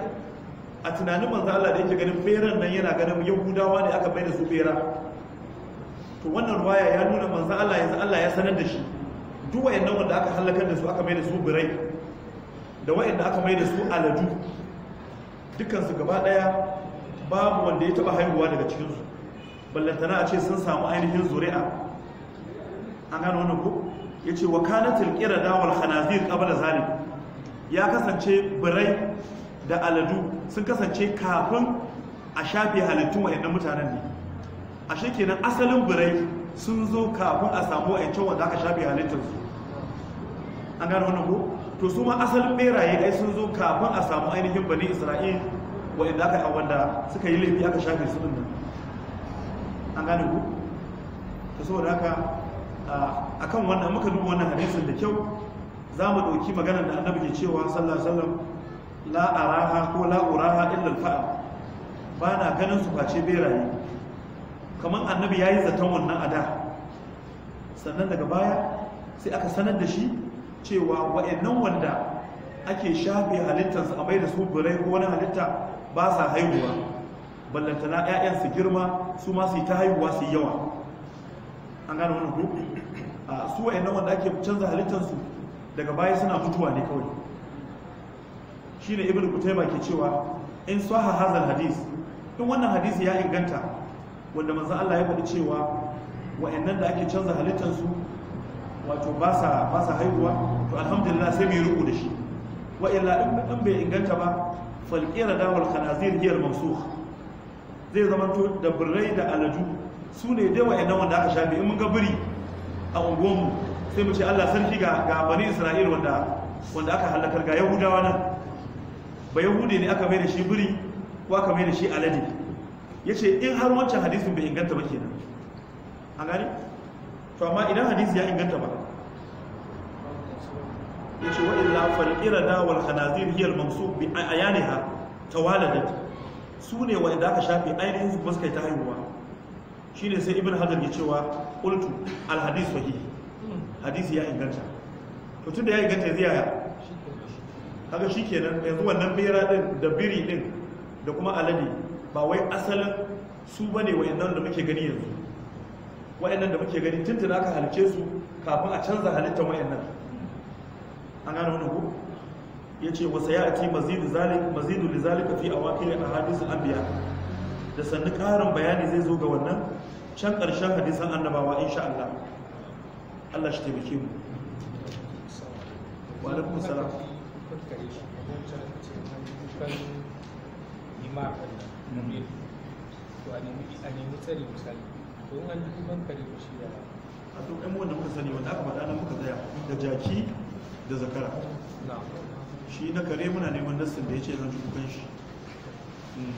Speaker 1: a tunanin manzo Allah da yake ganin feran nan yana ganin yahudawa ne aka bai da su fera to wannan ruwaya ya nuna manzo Allah yanzu Allah ya sanar da shi duk wayannan wanda aka halakar da su aka mai da su birai da wayanda aka mai da su aladu su gaba daya babu wanda ya taba haihuwa daga cikinsu ballantana a ce sun samu ainihin zuri'a an gano wannan ko ya ce wa kanatil qirada wal khanazir qabla zalik ya kasance birai da aladu sun kasance kafin a shafe halittun wayannan mutanen ne ashe kenan asalin birai sun zo kafin a samu wayancan wanda aka shafe halittun su an gano wannan ko to su ma asalin beraye ai sun zo kafin a samu ainihin bani isra'il wayanda aka wanda suka yi laifi aka shafe su din nan an gane ku to saboda haka akan wannan muka duba wannan hadisin da kyau za mu ɗauki maganar da annabi ke cewa sallallahu alaihi wasallam la araha ko la uraha illa al-fa'a ba na ganin su face beraye kamar annabi yayi zaton wannan ada sannan daga baya sai aka sanar da shi cewa wa'annan wanda ake shafe su a mai da su birai ko wani halitta ba sa haihuwa ballantana 'ya'yansu girma su ma su yi ta haihuwa su yi yawa an gane wannan ko su wa wa'annan wanda ake canza halittarsu daga baya suna mutuwa ne kawai Shi shine ibn kutaiba ke cewa in saha hazal hadis in wannan hadisi ya inganta wanda manzo Allah ya faɗi cewa wa wa'annan da ake canza halittarsu wato ba sa haihuwa to alhamdulillah sai mai riko da shi wa illa in bai inganta ba falqira dawal khanazir hiyar masu mansukh zai zama to da birrai da alaju su ne dai wa'annan wanda aka shafe in mun ga biri a unguwanmu sai mu ce Allah sarki ga ga bani Isra'il wanda wanda aka halakar ga Yahudawa nan ba Yahude ne aka mai da shi biri ko aka mai da shi alade yace in har wancan hadisin bai inganta ba kenan an gani to amma idan hadisi ya inganta ba ya ce illa fal irada wal hanazir hiya al mansub bi ayaniha tawaladat su ne wanda aka shafe ainihin su ba ta haihuwa shine sai ibn hajar ya cewa qultu al hadith sahih hadisi ya inganta to tunda ya inganta zai yaya kaga shikenan yanzu wannan bera din da biri din da kuma alade ba wai asalin su bane wayannan da muke gani yanzu wayannan da muke gani tuntun aka halice su kafin a canza halittar wayannan an gane wannan ko yace wa sayati mazidu zalik mazidu lizalika fi awakil ahadith al-anbiya da sannu karin bayani zai zo ga wannan can ƙarshen hadisan annabawa insha Allah Allah shi taimake mu wa alaikum salam a duk
Speaker 2: ɗan wanda muka sani wanda aka faɗa nan muka tsaya da
Speaker 1: jaki da zakara shi na kare muna neman nassin da ya ce zan tukan shi hmm.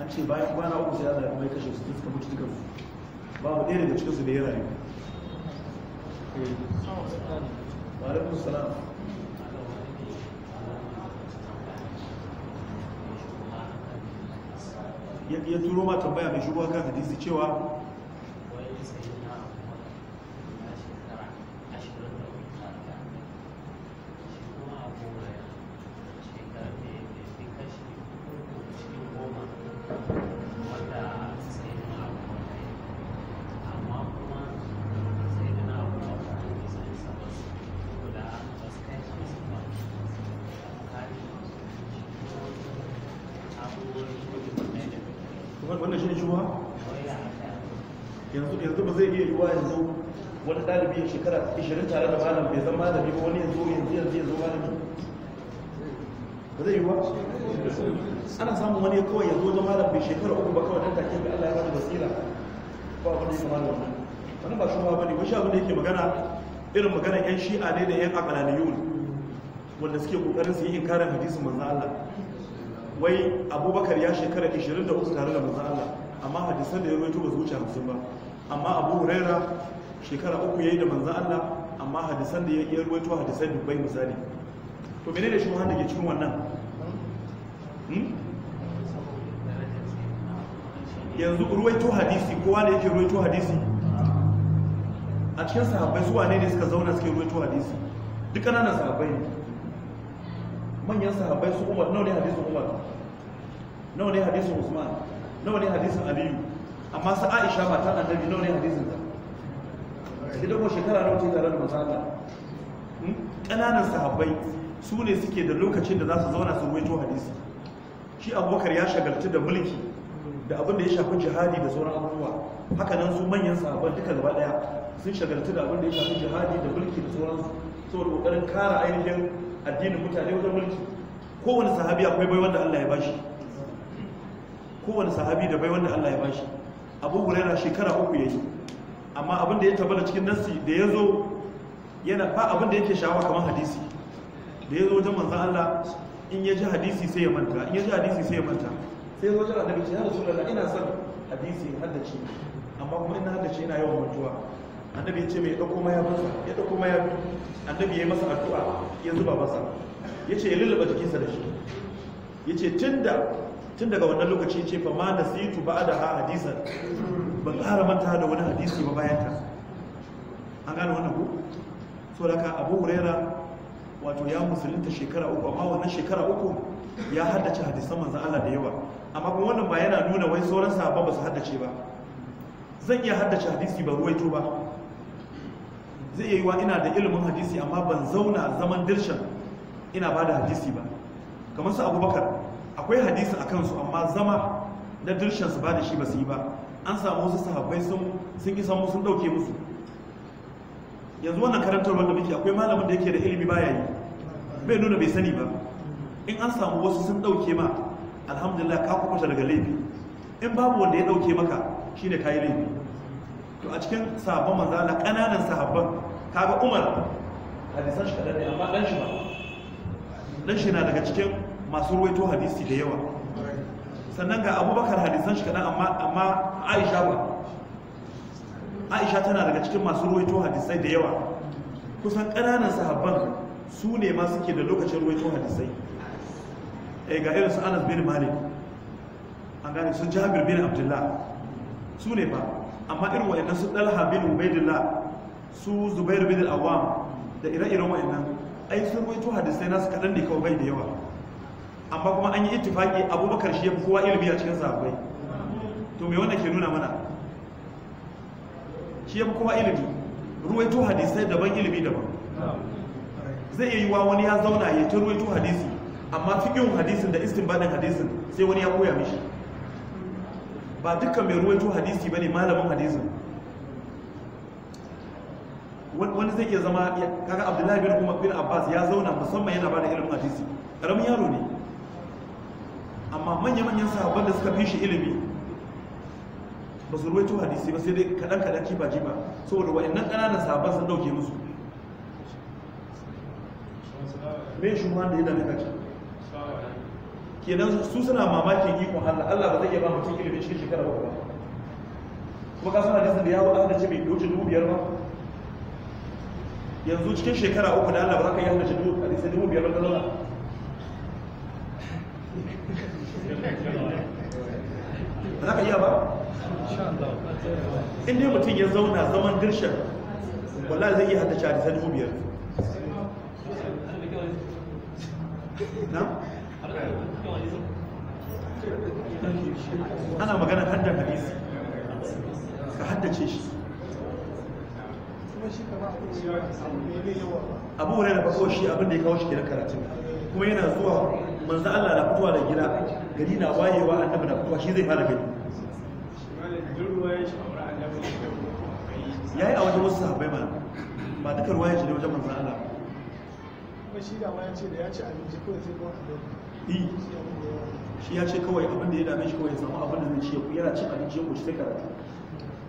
Speaker 1: an ce bayan kwana uku sai Allah ya kuma kashe su suka mutu duka babu ɗaya daga cikin su da ya rayu salam ya turo ma tambaya mai shugaba ka hadisi cewa 20 tare da malam bai zama da bi wani yanzu yanzu yanzu yanzu malami ba zai yi ba ana samun wani kawai yanzu wajen malam bai shekara uku ba kawai dan take ga Allah ya bada basira ba wani malam wannan wani ba shuma ne wani abin da yake magana irin magana yan shi'a ne da yan akalaniyun wanda suke kokarin su yi inkarin hadisin manzan Allah wai Abubakar ya shekara 23 tare da manzan Allah amma hadisan da ya rawaito ba su wuce hamsin ba amma abu huraira shekara uku yi da manzan Allah amma hadisan da ya ruwaito hadisai dubbai misali to menene shi wanda ke cikin wannan hmm? yanzu ruwaito hadisi kowa ne yake ruwaito hadisi a cikin sahabbai zuwa ne ne suka zauna suke ruwaito hadisi duk ƙananan sahabbai ne manyan sahabbai su umar nau ne hadisin umar nau ne hadisin usman nau ne hadisin aliyu amma sa aisha ba ta annabi nawa ne hadisin ta ki dago shekara nawa take tare da matsala. Hmm? ƙananan sahabbai su ne suke da lokacin da za su zauna su ruwaito hadisi shi abubakar ya shagaltu da mulki da abin da ya shafi jihadi da sauran abubuwa haka nan su manyan sahabban duka gaba daya sun shagaltu da abin da ya shafi jihadi da mulki da sauran saboda kokarin kara ainihin addinin mutane wajen mulki kowane sahabi akwai bai wanda Allah ya bashi kowane sahabi da bai wanda Allah ya bashi abu huraira shekara uku ya yi amma abin da ya taba da cikin nassi da ya zo yana ba abin da yake shawa kamar hadisi da ya zo wajen manzan Allah in ya ji hadisi sai ya manta in ya ji hadisi sai ya manta sai ya zo wajen annabi ce ya rasulullah ina son hadisi haddace amma kuma ina haddace ina yawan mantuwa annabi ya ce mai dauko ma ya masa ya dauko ma ya annabi ya yi masa addu'a ya zuba masa ya ce ya lullaba jikinsa da shi ya ce tunda tun daga wannan lokaci ce fa ma nasitu ba'da ha hadisan ban ƙara manta da wani hadisi ba bayan ta an gane wannan ku so daga abu huraira wato ya musulunta shekara uku amma wannan shekara uku ya haddace hadisan manzan Allah da yawa amma kuma wannan ba yana nuna wai sauran sahabban ba su haddace ba zan iya haddace hadisi ba ruwaito ba zai iya wa ina da ilimin hadisi amma ban zauna zaman dirshan ina bada hadisi ba kamar su abubakar akwai hadisi a kansu amma zama na dirshansu ba da shi ba su yi ba an samu wasu sahabbai sun yi samu sun dauke musu yanzu wannan karantar wanda muke akwai malamin da yake da ilimi baya yi bai nuna bai sani ba in an samu wasu sun dauke ma alhamdulillah ka kubuta daga laifi in babu wanda ya dauke maka shi ne kayi laifi to a cikin sahabban manza na kananan sahabban kaga Umar hadisan shi kadan ne amma dan shi ba dan shi na daga cikin masu ruwaito hadisi da yawa sannan ga abubakar hadisan shi kaɗan amma aisha ba aisha tana daga cikin masu ruwaito hadisai da yawa kusan ƙananan sahabban su ne ma suke da lokacin ruwaito hadisai e ga irin su anas bin malik an gane su jabir bin abdullah su ne ba amma irin wa'annan su dalha bin ubaidillah su zubairu bin awam da ire-iren wa'annan ai sun ruwaito hadisai nasu kaɗan ne kawai bai da yawa amma kuma an yi ittifaki abubakar shi ya fi kowa ilimi a cikin sahabbai to me wanda ke nuna mana shi ya fi kowa ilimi ruwaito hadisai daban ilimi daban zai iya wa wani ya zauna ya ta ruwaito hadisi amma fikin hadisin da istinbadin hadisin sai wani ya koya mishi ba dukkan mai ruwaito hadisi ba ne malamin hadisin wani zai iya zama kaga abdullahi bin bin abbas ya zauna musamman yana ba da ilimin hadisi ƙaramin yaro ne amma manya-manyan sahabban da suka fi shi ilimi ba su ruwaito hadisi ba sai dai kaɗan-kaɗan jiba ba saboda wa'in wa'annan ƙananan sahabban sun dauke musu mai shuhan da ya dame ke nan su suna mamakin ikon allah allah ba zai iya ba mutum ilimi cikin shekara ba kuma kasan hadisin da yawon aka ce mai doce dubu biyar ba yanzu cikin shekara uku da allah ba za ka yi hadisin dubu biyar ba ta zauna
Speaker 3: ba za ka iya ba in dai mutum ya zauna zaman dirshan wala zai iya haddace
Speaker 1: hadisai dubu biyar na? ana magana da hadisi ka haddace shi abu wani da bako shi abinda ya kawo shi kenan karatun kuma yana zuwa manzo Allah na fitowa da gida gari na wayewa annabi na fitowa shi zai fara gani
Speaker 3: ya yi a wajen wasu sahabai mana
Speaker 1: ba duka ruwa ya ce da wajen manzo Allah
Speaker 3: ba shi ya ce kawai sai
Speaker 1: ya abin da ya dame shi kawai ya samu abin da zai ce yana cin abinci ya koshi sai karatu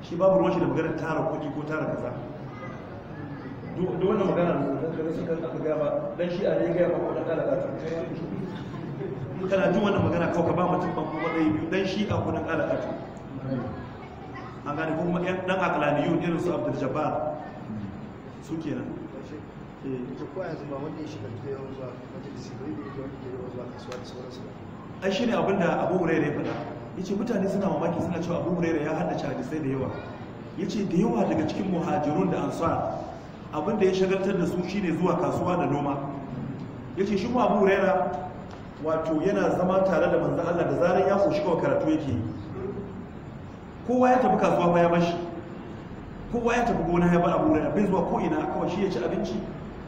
Speaker 1: shi babu ruwan shi da maganar tara kuɗi ko tara kaza duk wannan magana da suka aka gaya ba dan shi a ne gaya ba ko dan kalaka kana jin wannan magana kawai ka ba mutum ban kuma ɗaya biyu dan shi a ko dan kalaka an gane kuma ɗan akalaniyun irin su abdul jabbar su kenan ita eh, ko yanzu ba wanda ya shiga da yawan zuwa majalisi bai da yake wanda ke yawan zuwa kasuwa da sauransu ai shine abin da abu hurairu ya faɗa yace mutane suna mamaki suna cewa abu hurairu ya haddace hadisai da yawa yace da yawa daga cikin muhajirun da ansar abin da ya shagaltar da su shine zuwa kasuwa da noma Ya ce shi kuma Abu Huraira wato yana zama tare da manzan Allah da zarar ya koshi kawai karatu yake kowa ya tafi kasuwa ba ya bashi kowa ya tafi gona ya bar Abu Huraira bai zuwa ko'ina a kawai shi ya ci abinci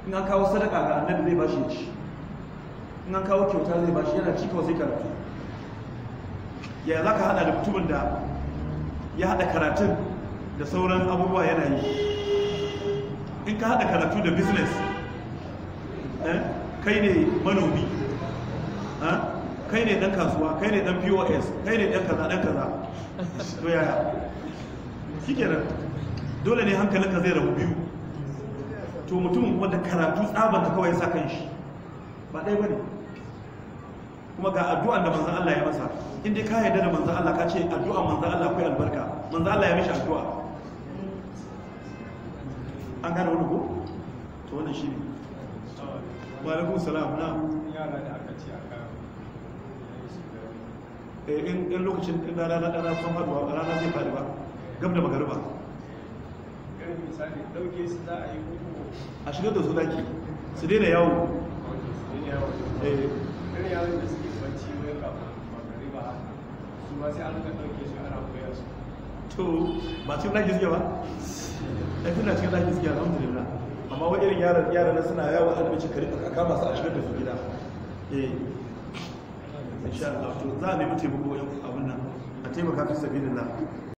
Speaker 1: in an kawo sadaka ga da zai bashi ya ci in an kawo kyauta zai bashi yana ci kawai sai karatu ya zaka hada da mutumin da ya hada karatun da sauran abubuwa yana yi in ka haɗa karatu da business eh, kai ne manomi kai ne ɗan kasuwa kai ne ɗan pos kai ne ɗan kaza ɗan kaza to yaya shikenan dole ne hankalinka zai rabu biyu to mutum wanda karatu tsabanta kawai sa kan shi ba ɗaya ba ne kuma ga addu'an da manzan Allah ya masa inda ka yarda da manzan Allah ka ce addu'an manzan Allah akwai albarka manzan Allah ya mishi addu'a an gane wani ko to wannan shi ne walakun salam na yara aka aka eh, lokacin rana na ɗana rana zai ba
Speaker 2: a shigar da su daki
Speaker 1: su daina yawo to ba cikin ba ai tana cikin lafiya suke alhamdulillah amma wa irin yaran yaran suna yawo annabi ce kare ka kama su a shigar da su gida eh insha Allah to za a nemi taimako abin nan a taimaka fi sabilillah